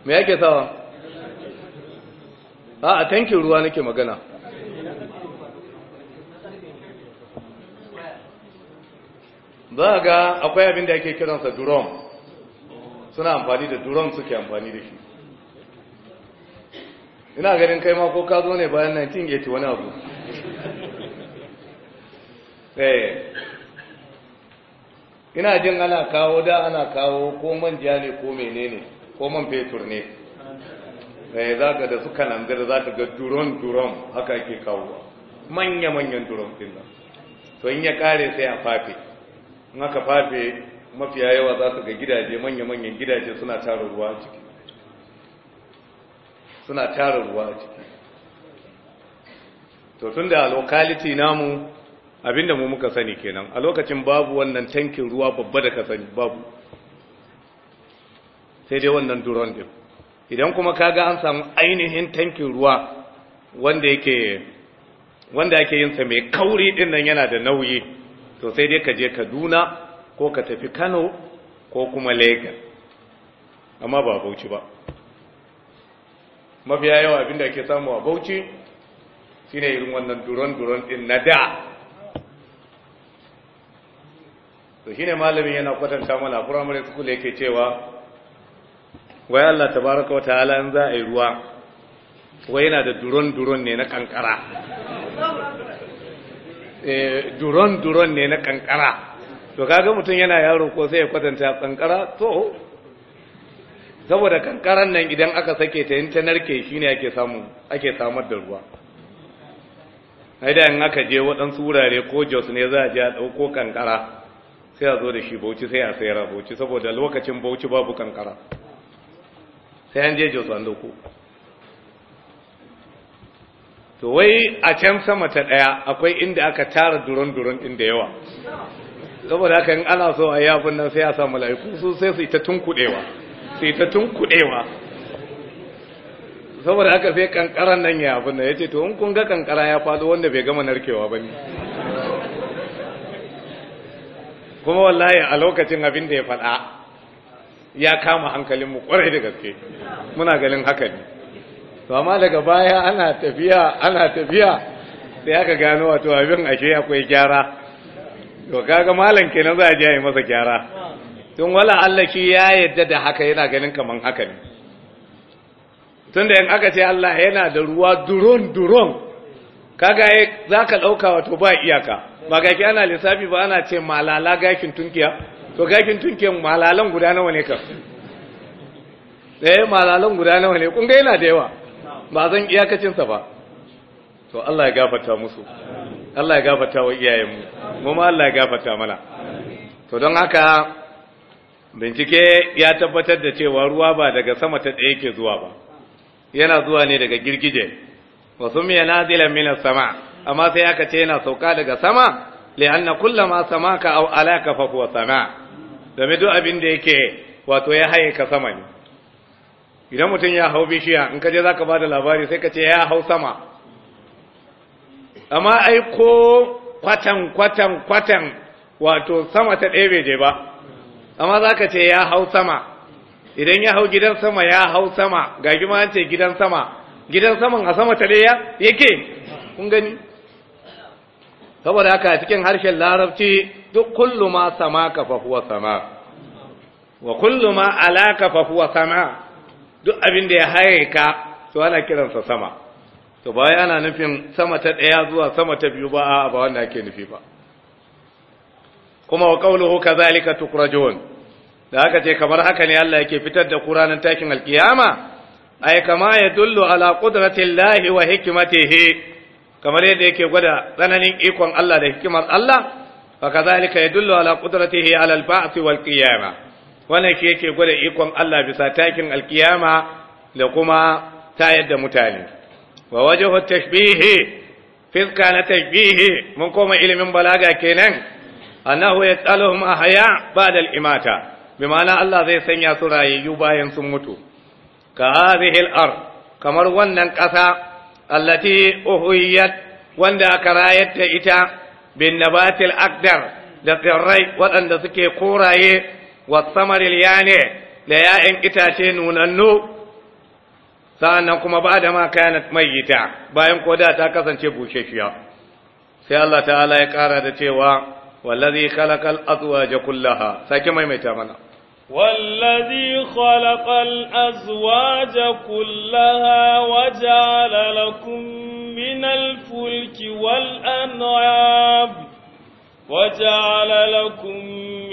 me ake sawa a tankin ruwa nake magana za a ga akwai abin da ake kiransa durom suna amfani da durom suke amfani da shi ina ganin kai ma ko ka zo ne bayan 1980 wani abu eh. ina jin ana kawo da ana kawo ko manja ne ko menene ko man fetur ne eh za ka da suka nan da za ta ga duron duron haka ake kawo manya manyan duron din to in ya kare sai a fafe naka fafe mafiya yawa za su ga gidaje manya-manyan gidaje suna tara ruwa a ciki suna tara ruwa a ciki to tun da locality namu abinda mu muka sani kenan a lokacin babu wannan tankin ruwa babba da ka sani babu sai dai wannan duron din idan kuma kaga an samu ainihin tankin ruwa wanda yake wanda ake yin sa mai kauri din nan yana da nauyi to sai dai ka je kaduna ko ka tafi kano ko kuma lagos amma ba bauchi ba mafiya yawa abinda ke samu a bauchi shine irin wannan duron-duron din na da to shine malamin yana kwatanta mana primary school yake cewa wai Allah tabaraka wa ta'ala in za a yi ruwa wai yana da duron-duron ne na kankara duron-duron eh, ne na kankara to kaga mutum yana yaro ko sai ya kwatanta kankara to saboda kankaran nan idan aka sake ta yin tanar ke shi ne ake samu ake samar da ruwa haida in aka je waɗansu wurare ko jos ne za a je a ɗauko kankara sai a zo da shi bauchi sai a sayar a bauchi saboda lokacin bauchi babu kankara sai an je jos an ɗauko to wai a can sama ta ɗaya akwai inda aka tara duron-duron ɗin da yawa saboda haka in ana so a yi abin nan sai a sa mala'iku su sai su yi ta tunkuɗewa su yi ta tunkuɗewa saboda haka sai kankaran nan ya abin nan ya ce to in kun ga kankara ya faɗo wanda bai gama narkewa ba ne kuma wallahi a lokacin abin da ya faɗa ya kama hankalinmu kwarai da gaske muna ganin haka ne to amma daga baya ana tafiya ana tafiya sai aka gano wato abin ashe akwai gyara to kaga malam kenan za a je a yi masa gyara tun wala Allah shi ya yadda da haka yana ganin kaman haka ne tun da in aka ce Allah yana da ruwa duron duron kaga za ka ɗauka wato ba iyaka ba gaki ana lissafi ba ana ce malala gakin tunkiya to gakin tunkiyan malalan guda nawa ne kan ɗaya eh, malalan guda nawa ne kun ga yana da yawa ba zan iyakacinsa ba to Allah ya gafarta musu Allah ya gafarta wa iyayenmu kuma Allah ya gafarta mana to don haka bincike ya tabbatar da cewa ruwa ba daga sama ta tsaye ke zuwa ba yana zuwa ne daga girgije wasu miya nazilan minas sama amma sai aka ce yana sauka daga sama li'anna ma samaka aw alaka fa huwa sama da duk abin da yake wato ya haye ka sama ne idan mutum ya hau bishiya in kaje za ka ba da labari sai ka ce ya hau sama amma ai ko kwatan kwatan kwatan wato sama ta ɗaya bai je ba amma za ka ce ya hau sama idan ya hau gidan sama ya hau sama ga gima an ce gidan sama gidan saman a sama ta ɗaya yake kun gani saboda haka cikin harshen larabci duk kullum sama ka sama wa kullum alaka fa sama duk abin da ya haye ka to ana kiransa sama to ba ana nufin sama ta ɗaya zuwa sama ta biyu ba ba wanda ake nufi ba kuma wa qawluhu kadhalika tukrajun da haka ce kamar haka ne Allah yake fitar da Qur'anin takin alkiyama ay kama yadullu ala qudrati Allahi wa hikmatihi kamar yadda yake gwada tsananin ikon Allah da hikimar Allah fa kadhalika yadullu ala qudratihi ala al-ba'th wal qiyamah wannan shi yake gwada ikon Allah bisa takin alkiyama da kuma tayar da mutane wa wajhu tashbihi fiska na tashbihi mun koma ilimin balaga kenan annahu yataluhum ahya ba'da al-imata bimana Allah zai sanya su rayayyu bayan sun mutu ka hadhihi al-ard kamar wannan ƙasa allati uhiyat wanda aka rayar ita bin nabatil akdar da tsirrai waɗanda suke koraye wasamaril ne da ya'yan itace nunannu sa'annan kuma ba da ma kayanat mayyita bayan koda ta kasance bushashiya sai Allah ta'ala ya ƙara da cewa wallazi khalaqal azwaja kullaha sake maimaita mana والذي خلق kullaha كلها وجعل لكم من الفلك والأنعام وجعل لكم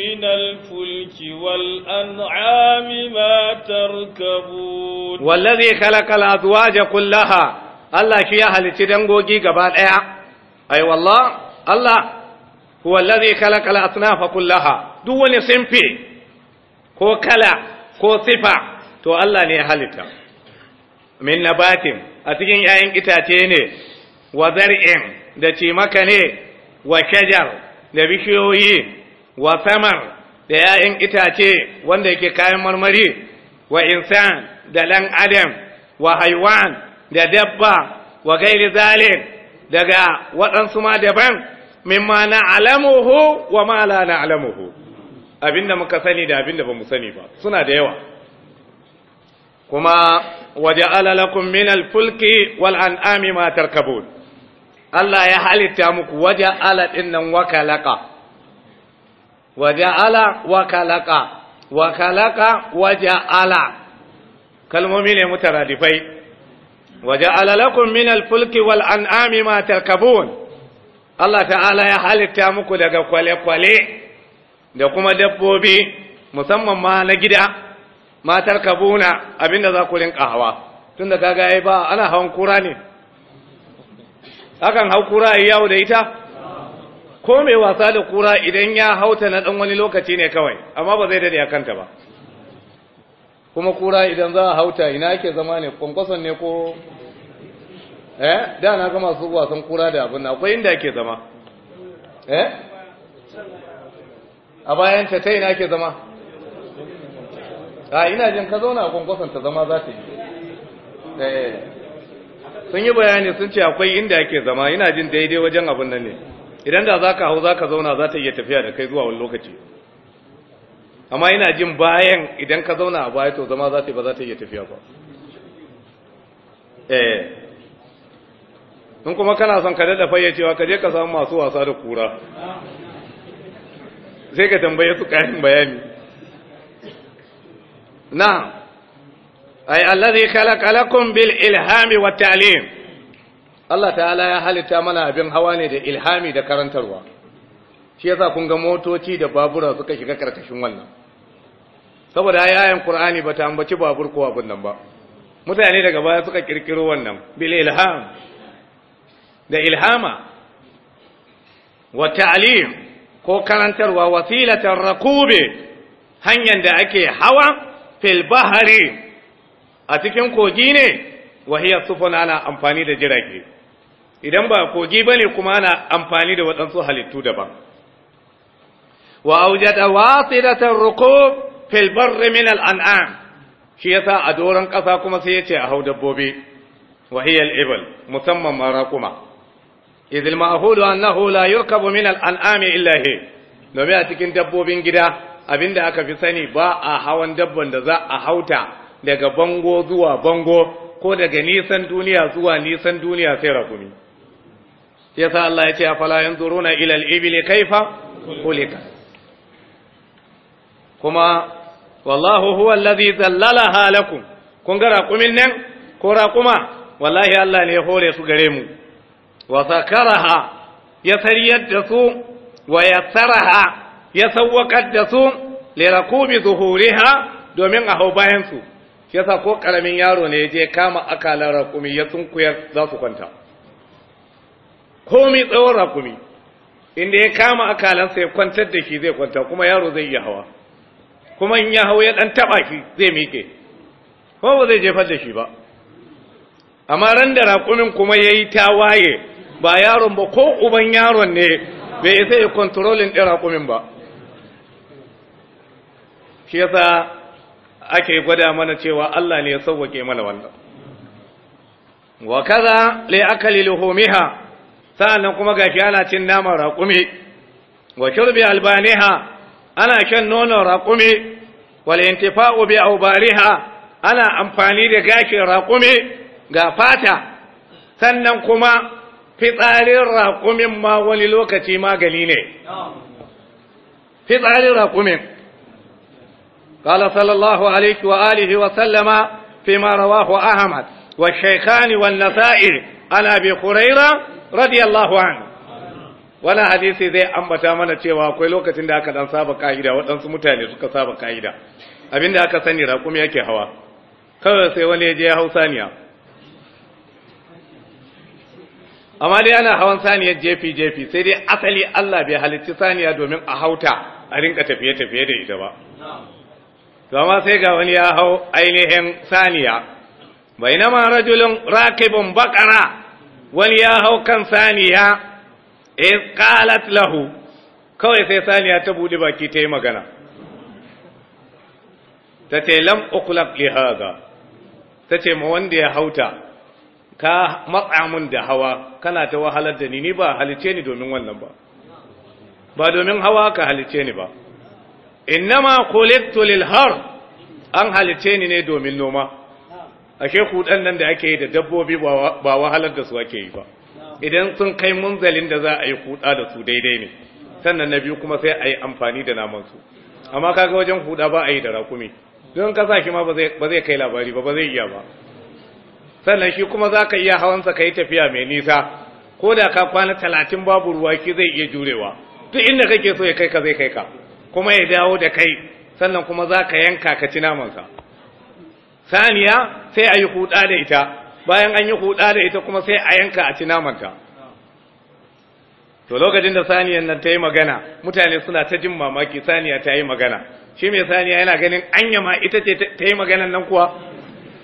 من الفلك والأنعام ما تركبون والذي خلق الأزواج كلها الله شيء أهل تدنغوجي قبال إيه أي والله الله هو الذي خلق الأصناف كلها دون سنفي كو كلا كو صفة تو الله ني هلتا من نبات أتجين يأين إتاتين وزرع دتي مكني وشجر da bishiyoyi wa samar da ‘ya'yan itace wanda yake kayan marmari wa insan da ɗan adam wa haiwan da dabba wa gairi zalim daga waɗansu ma daban mimma na alamuhu wa ma na alamuhu abinda muka sani da abinda ba mu sani ba suna da yawa kuma waje alalakun minal fulki wal an'ami matar tarkabun Allah ya halitta muku waje ala dinnan wakalaka waje ala wakalaka wakalaka waje ala kalmomi ne mutaradifai waje alalakun min alfulki wal an'ami ma tarkabun Allah ta'ala ya halitta muku daga kwale-kwale da kuma dabbobi musamman ma na gida ma tarkabuna abinda za ku rinka hawa tunda kaga ai ba ana hawan kura ne akan hau kura a yawo da ita ko mai wasa da kura idan ya hauta na ɗan wani lokaci ne kawai amma ba zai daɗe a kanta ba kuma kura idan za a hauta ina ake zama ne kwankwason ne ko eh da na ga masu wasan kura da abin akwai inda ake zama eh a bayan ta ta ina ake zama a ina jin ka zauna a kwankwason ta zama za ta yi eh sun yi bayani sun ce akwai inda yake zama ina jin daidai wajen abin nan ne idan da za ka hau za ka zauna za ta iya tafiya da kai zuwa wani lokaci amma ina jin bayan idan ka zauna a baya to zama za ta ba za ta iya tafiya ba eh in kuma kana son ka dada fayyacewa ka je ka samu masu wasa da kura sai ka tambaye su kayan bayani na ai allazi khalaqa lakum bil ilhami wat ta'lim Allah ta'ala ya halitta mana abin hawa ne da ilhami da karantarwa shi yasa kun ga motoci da babura suka shiga karkashin wannan saboda ayayen Qur'ani bata ambaci babur ko abin nan ba mutane daga baya suka kirkiro wannan bi ilham da ilhama wa ko karantarwa wasilatan rakube hanyar da ake hawa fil bahari a cikin kogi ne wahiyar sufuna na amfani da jirage idan ba kogi ba ne kuma ana amfani da waɗansu halittu daban wa aujata wasidatan rukub fil barri min al an'am shi yasa a doron ƙasa kuma sai yace a hau dabbobi wahiya al musamman marakuma idil ma'hulu annahu la yurkabu min al an'am illa hi domin a cikin dabbobin gida abinda aka fi sani ba a hawan dabban da za a hauta daga bango zuwa bango ko daga nisan duniya zuwa nisan duniya sai rakumi yasa Allah ya ce a afala yanzuruna ila al-ibli kaifa kulika kuma wallahu huwa alladhi zallalaha lakum kun ga rakumin nan ko raƙuma? wallahi Allah ne ya hore su gare mu wa sakaraha ya sariyar da su wa yassaraha ya sawwakar da su li zuhuriha domin a hau bayan su shi yasa ko karamin yaro ne je kama akalan raƙumi ya sunkuyar za su kwanta komi tsawon rakumi inda ya kama akalansa ya kwantar da shi zai kwanta kuma yaro zai iya hawa kuma in ya hau ya ɗan taɓa shi zai mike ko ba zai jefar da shi ba amma ran da raƙumin kuma ya yi waye, ba yaron ba ko uban yaron ne bai isa ya kontrolin ɗin raƙumin ba shi yasa ake gwada mana cewa Allah ne ya sauwake mana wannan wa kaza li akali luhumiha sa'annan kuma gashi ana cin naman raƙumi wa shurbi albaniha ana shan nonon raƙumi wal intifa'u bi awbariha ana amfani da gashin raƙumi ga fata sannan kuma fitsarin raƙumin ma wani lokaci magani ne fitsarin raƙumin قال صلى الله عليه وآله وسلم فيما رواه أحمد والشيخان والنسائي عن أبي هريرة رضي الله عنه wani hadisi zai ambata mana cewa akwai lokacin da aka dan saba ka'ida waɗansu mutane suka saba ka'ida abinda aka sani raƙumi yake hawa kawai sai wani ya je ya hau saniya amma dai ana hawan saniyar jefi jefi sai dai asali Allah bai halicci saniya domin a hauta a rinka tafiye tafiye da ita ba to amma sai ga wani ya hau ainihin saniya na ma rajulun rakibin bakara wani ya hau kan saniya e kalat lahu kawai sai saniya ta buɗe baki ta yi magana ta ce lam uqlaq lihaga ta ce ma wanda ya hauta ka matsa mun da hawa kana ta wahalar da ni ni ba halice ni domin wannan ba ba domin hawa ka halice ni ba innama kulittu lil har an halice ni ne domin noma ashe kudan nan da ake yi da dabbobi ba wahalar da su ake yi ba idan sun kai munzalin da za a yi kuda da su daidai ne sannan na biyu kuma sai a yi amfani da naman su amma kaga wajen kuda ba a yi da rakumi don ka shi ma ba zai kai labari ba ba zai iya ba sannan shi kuma za ka iya hawansa ka yi tafiya mai nisa ko da ka kwana talatin babu ruwa ki zai iya jurewa duk inda kake so ya kai ka zai kai ka kuma ya dawo da kai sannan kuma za ka yanka ka ci namansa saniya sai a yi huɗa da ita bayan an yi huɗa da ita kuma sai a yanka a ci namanta to lokacin da saniyan nan ta yi magana mutane suna ta jin mamaki saniya ta yi magana shi mai saniya yana ganin anya ma ita ce ta yi maganan nan kuwa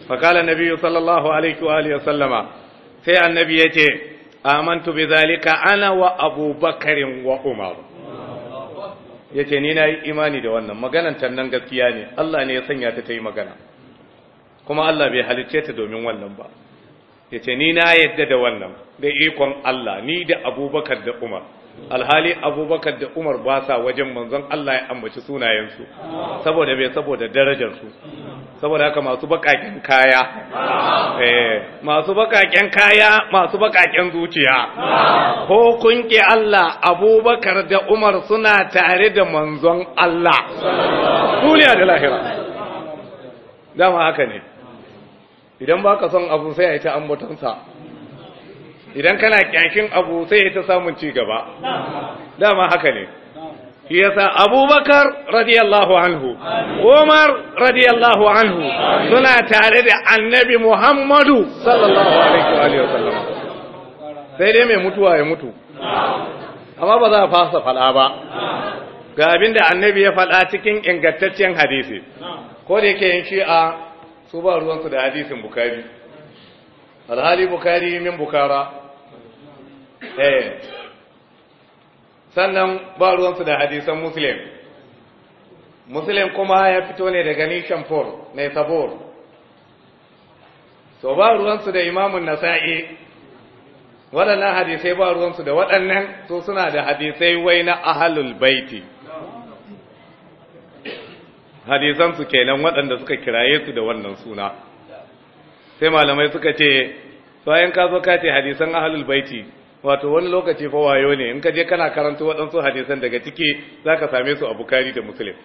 fakala nabi sallallahu alaihi wa alihi sallama sai annabi ya ce amantu bi zalika ana wa abubakarin wa umar ya ni na yi imani da wannan maganan nan gaskiya ne Allah ne ya sanya ta ta yi magana kuma Allah bai halicce ta domin wannan ba Yace ni na yadda da wannan da ikon Allah ni da abubakar da umar alhali abubakar da umar ba sa wajen manzon Allah ya ambaci sunayensu saboda bai saboda darajarsu saboda haka masu bakaken kaya eh masu bakaken kaya masu bakaken zuciya ko kun ki Allah Abubakar da Umar suna tare da manzon Allah duniya da lahira dama haka ne idan baka son abu sai ai ta ambatonsa idan kana kyakin abu sai ai ta samun ci gaba dama haka ne shi yasa abubakar radiyallahu anhu umar radiyallahu anhu suna tare da annabi muhammadu sallallahu alaihi wa sallam sai dai mai mutuwa ya mutu amma ba za a fasa fada ba ga abin da annabi ya fada cikin ingantaccen hadisi ko da yake yin shi'a su ba ruwansu da hadisin bukari alhali bukari min bukara eh. sannan ba ruwansu da hadisan muslim muslim kuma ya fito ne daga nishan for mai sabor so ba ruwansu da imamun nasa'i waɗannan hadisai ba ruwansu da waɗannan so suna da hadisai wai na ahalul baiti hadisansu kenan waɗanda suka kiraye su da wannan suna sai malamai suka ce bayan ka zo ka ce hadisan ahalul baiti wato wani lokaci fa wayo ne in ka je kana karanta waɗansu hadisan daga ciki za ka same su a bukari da musulun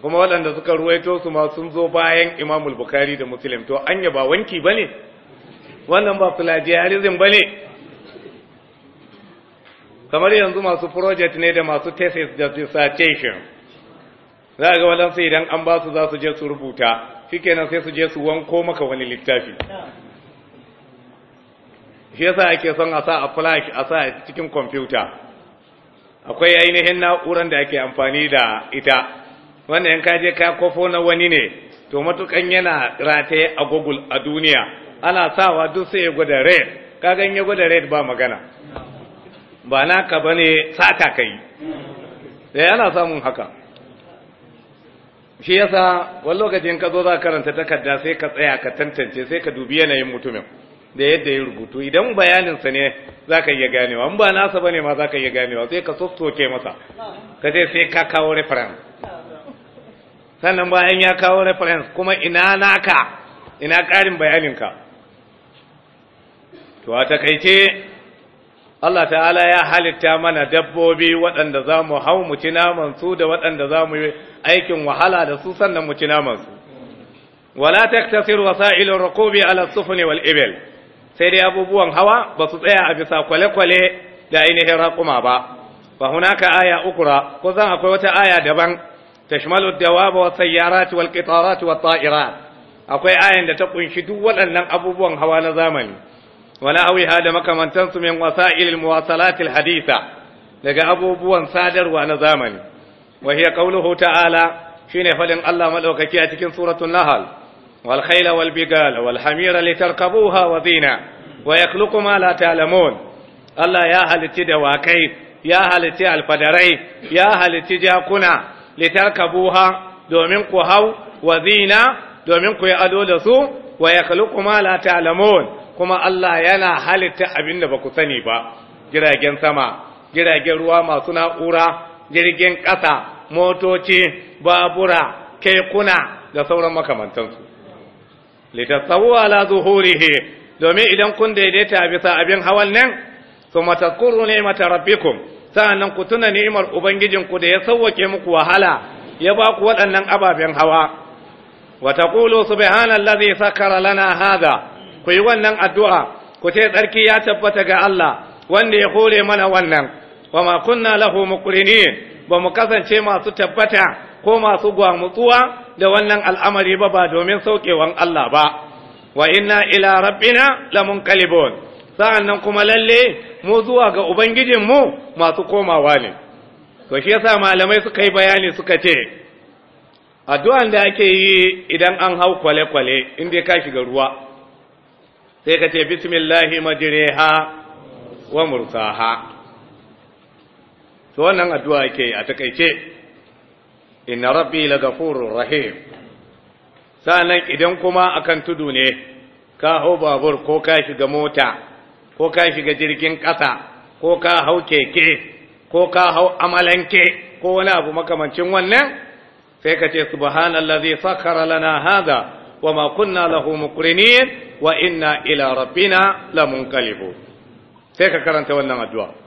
kuma waɗanda suka ruwaito su ma sun zo bayan imamul bukari da musulun to an ba wanki ne wannan ba plagiarism ne. kamar yanzu masu project ne da masu thesis da dissertation za a ga waɗansu idan an ba su za su je su rubuta kenan sai su je su wanko maka wani littafi shi yasa ake son a sa a flash a sa cikin kwamfuta akwai ainihin na'urar da ake amfani da ita wanda in ka je ka kofo na wani ne to matukan yana rataye a google a duniya ana sawa duk sai ya gwada red ka gan ya gwada red ba magana ba na ka bane sata kai sai eh, yana samun haka shi yasa wani lokacin ka zo za karanta takarda sai ka tsaya ka tantance sai ka dubi yanayin mutumin da yadda ya rubutu idan bayaninsa ne za ka iya ganewa in ba nasa ba ne ma za ka iya ganewa sai ka sosoke masa ka ce sai ka kawo reference sannan bayan ya kawo reference kuma ina naka ina ƙarin bayaninka to a takaice Allah ta'ala ya halitta mana dabbobi waɗanda za mu hau mu ci namansu da waɗanda za mu yi aikin wahala da su sannan mu ci namansu wala wasa wasa'ilur rakobi ala sufni wal sai dai abubuwan hawa ba su tsaya a bisa kwale-kwale da ainihin raƙuma ba fa hunaka aya ukura ko zan akwai wata aya daban tashmalu dawaba wa sayyarat wal qitarat wa ta'irat akwai ayan da ta kunshi duk waɗannan abubuwan hawa na zamani wala awiha da makamantansu min wasa'il muwasalat al haditha daga abubuwan sadarwa na zamani wa hiya qawluhu ta'ala shine fadin Allah madaukaki a cikin suratul nahl والخيل والبقال والحمير لتركبوها وزينة ويخلق ما لا تعلمون الله يا هل تدواكي يا هل الفدري يا هل تجاكنا لتركبوها دومين قهو وزينة دومين قي أدولسو ويخلق ما لا تعلمون كما الله ينا هل تأبين بكثني با جراجين سما جراجين روا ما سنا أورا jirgin ƙasa motoci بابورا كيكونا da sauran makamantansu litasawwu ala zuhurihi domin idan kun daidaita bisa abin hawan nan Su ne ne rabbikum sa'annan ku tuna ni'imar ubangijin ku da ya sauwake muku wahala ya ba ku waɗannan ababen hawa wa taqulu subhanallazi sakkara lana hadha ku yi wannan addu'a ku ce tsarki ya tabbata ga Allah wanda ya hore mana wannan wa ma kunna lahu muqrinin ba mu kasance masu tabbata ko masu gwamutsuwa da wannan al'amari ba ba domin saukewan Allah ba wa inna ila rabbina Sa'an nan kuma lalle mu zuwa ga ubangijin mu masu komawa ne to shi yasa malamai suka yi bayani suka ce addu'an da ake yi idan an hau kwale-kwale in dai ka shiga ruwa sai ka ce bismillahi majriha wa mursaha to wannan addu'a yake a takeice inna rabbi lagafurur rahim sanan idan kuma akan tudu ne ka hau babur ko ka shiga mota ko ka shiga jirgin ƙasa ko ka hau keke ko ka hau amalanke ko wani abu makamancin wannan sai ka ce subhanallazi sakhara lana hadha wama kunna lahu muqrinin wa inna ila rabbina lamunqalibun sai ka karanta wannan addu'a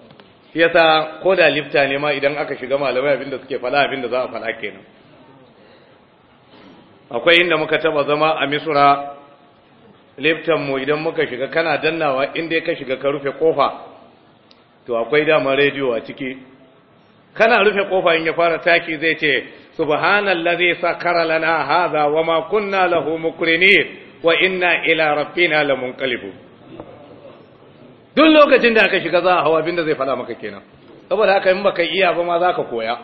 shi yasa ko da lifta ne ma idan aka shiga malamai abinda suke abin da za a fada kenan akwai inda muka taba zama a misura liftan mu idan muka shiga kana dannawa inda ka shiga ka rufe kofa to akwai dama rediyo a ciki kana rufe kofa in ya fara taki zai ce subhanallazi sakara lana hadha wama kunna lahu mukrinin wa inna ila rabbina lamunqalibun duk lokacin da aka shiga za a hawa abin da zai fada maka kenan saboda haka in baka iya ba ma za ka koya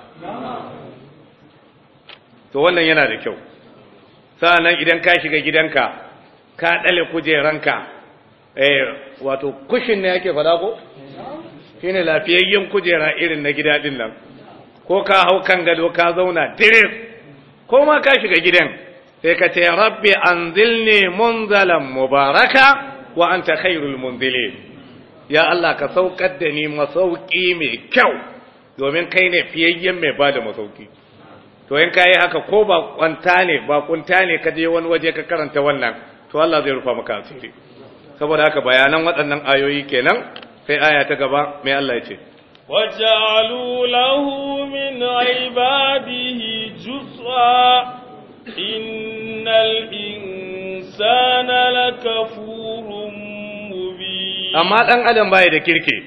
to wannan yana da kyau sa'annan idan ka shiga gidanka ka dale kujeranka eh wato kushin ne yake fada ko shine lafiyayyen kujera irin na gida din nan ko ka hau kan gado ka zauna dire ko ma ka shiga gidan sai ka ce rabbi anzilni munzalan mubaraka wa anta khairul munzilin ya Allah ka saukar da ni masauki mai kyau domin kai ne fiyayyen mai ba da masauki to in ka yi haka ko ba kwanta ne ba kunta ne ka je wani waje ka karanta wannan to Allah zai rufa maka asiri saboda haka bayanan waɗannan ayoyi kenan sai aya ta gaba mai Allah ya ce وجعلوا له من عباده جزءا إن الإنسان لكفور amma ɗan adam baya da kirki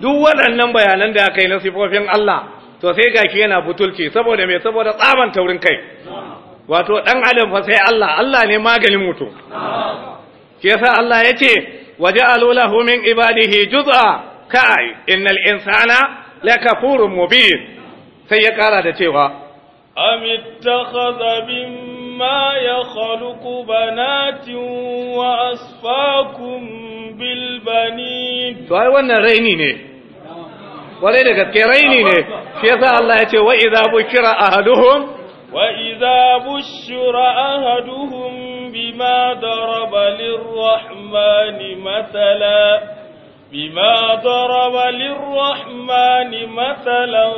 duk waɗannan bayanan da aka yi na sifofin Allah to sai gaki yana butulci saboda me saboda tsaban taurin kai wato ɗan adam fa sai Allah Allah ne maganin mutum ke yasa Allah ya ce waje alulahu min ibadihi juz'a kai innal insana lakafurun mubin sai ya kara da cewa am ittakhadha ما يخلق بنات وأصفاكم بالبنين فهي وانا ريني ني ولي لك ريني ني شيخ الله يتي وإذا بشر أهدهم وإذا بشر أهدهم بما ضرب للرحمن مثلا بما ضرب للرحمن مثلا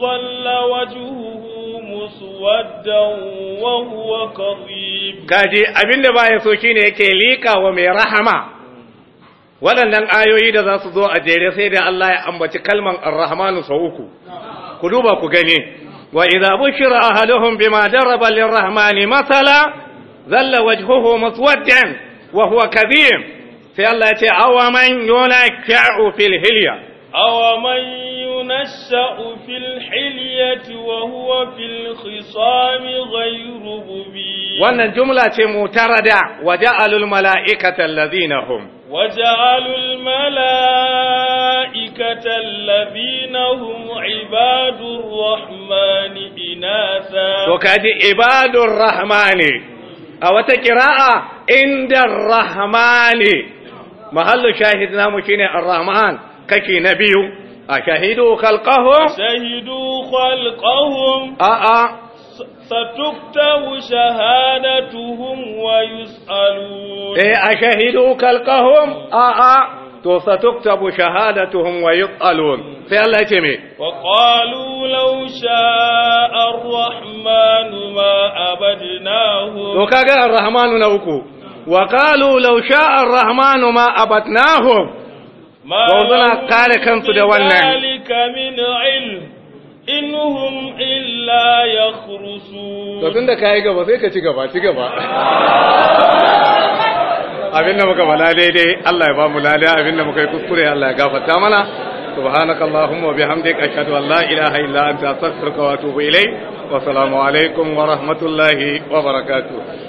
ظل وجهه مسودا وهو كظيم كاجي أبن باي سوشيني يكي ليكا ومي رحمة waɗannan ayoyi da za su zo a jere sai da Allah ya ambaci kalman ar-rahmanu sau uku ku duba ku gani wa idza bushira ahaduhum bima daraba lir-rahmani masala zalla wajhuhu muswaddan wa huwa kadhim sai Allah ce, "Awa man yuna kya’u fil hilya." Awa man yuna sha’u fil hilya tuwa huwa fil khisami gairu bubi. Wannan jumla ce mu tara da waje alul mala’ika tallazi na hum. Waje alul mala’ika tallazi na hum ibadun rahmani inasa. To, kaji ibadun rahmani. A wata ƙira'a inda rahmani. mahallu shahid namu shine ar-rahman kake na biyu a shahidu khalqahum shahidu khalqahum a a ستكتب شهادتهم ويسألون إيه أشهدوا خلقهم آآ تو ستكتب شهادتهم ويسألون في الله يتمي وقالوا لو شاء الرحمن ما أبدناهم وكاقا الرحمن نوكو wa qalu law sha'a ar-rahmanu ma abatnahum don suna kare kansu da wannan inhum illa yakhrusun to tunda kai gaba ka ci gaba ci gaba abinda muka bala daidai Allah ya bamu mu lada abinda muka yi kuskure Allah ya gafarta mana subhanaka allahumma bihamdika ashhadu an la ilaha illa anta astaghfiruka wa wa alaikum wa rahmatullahi wa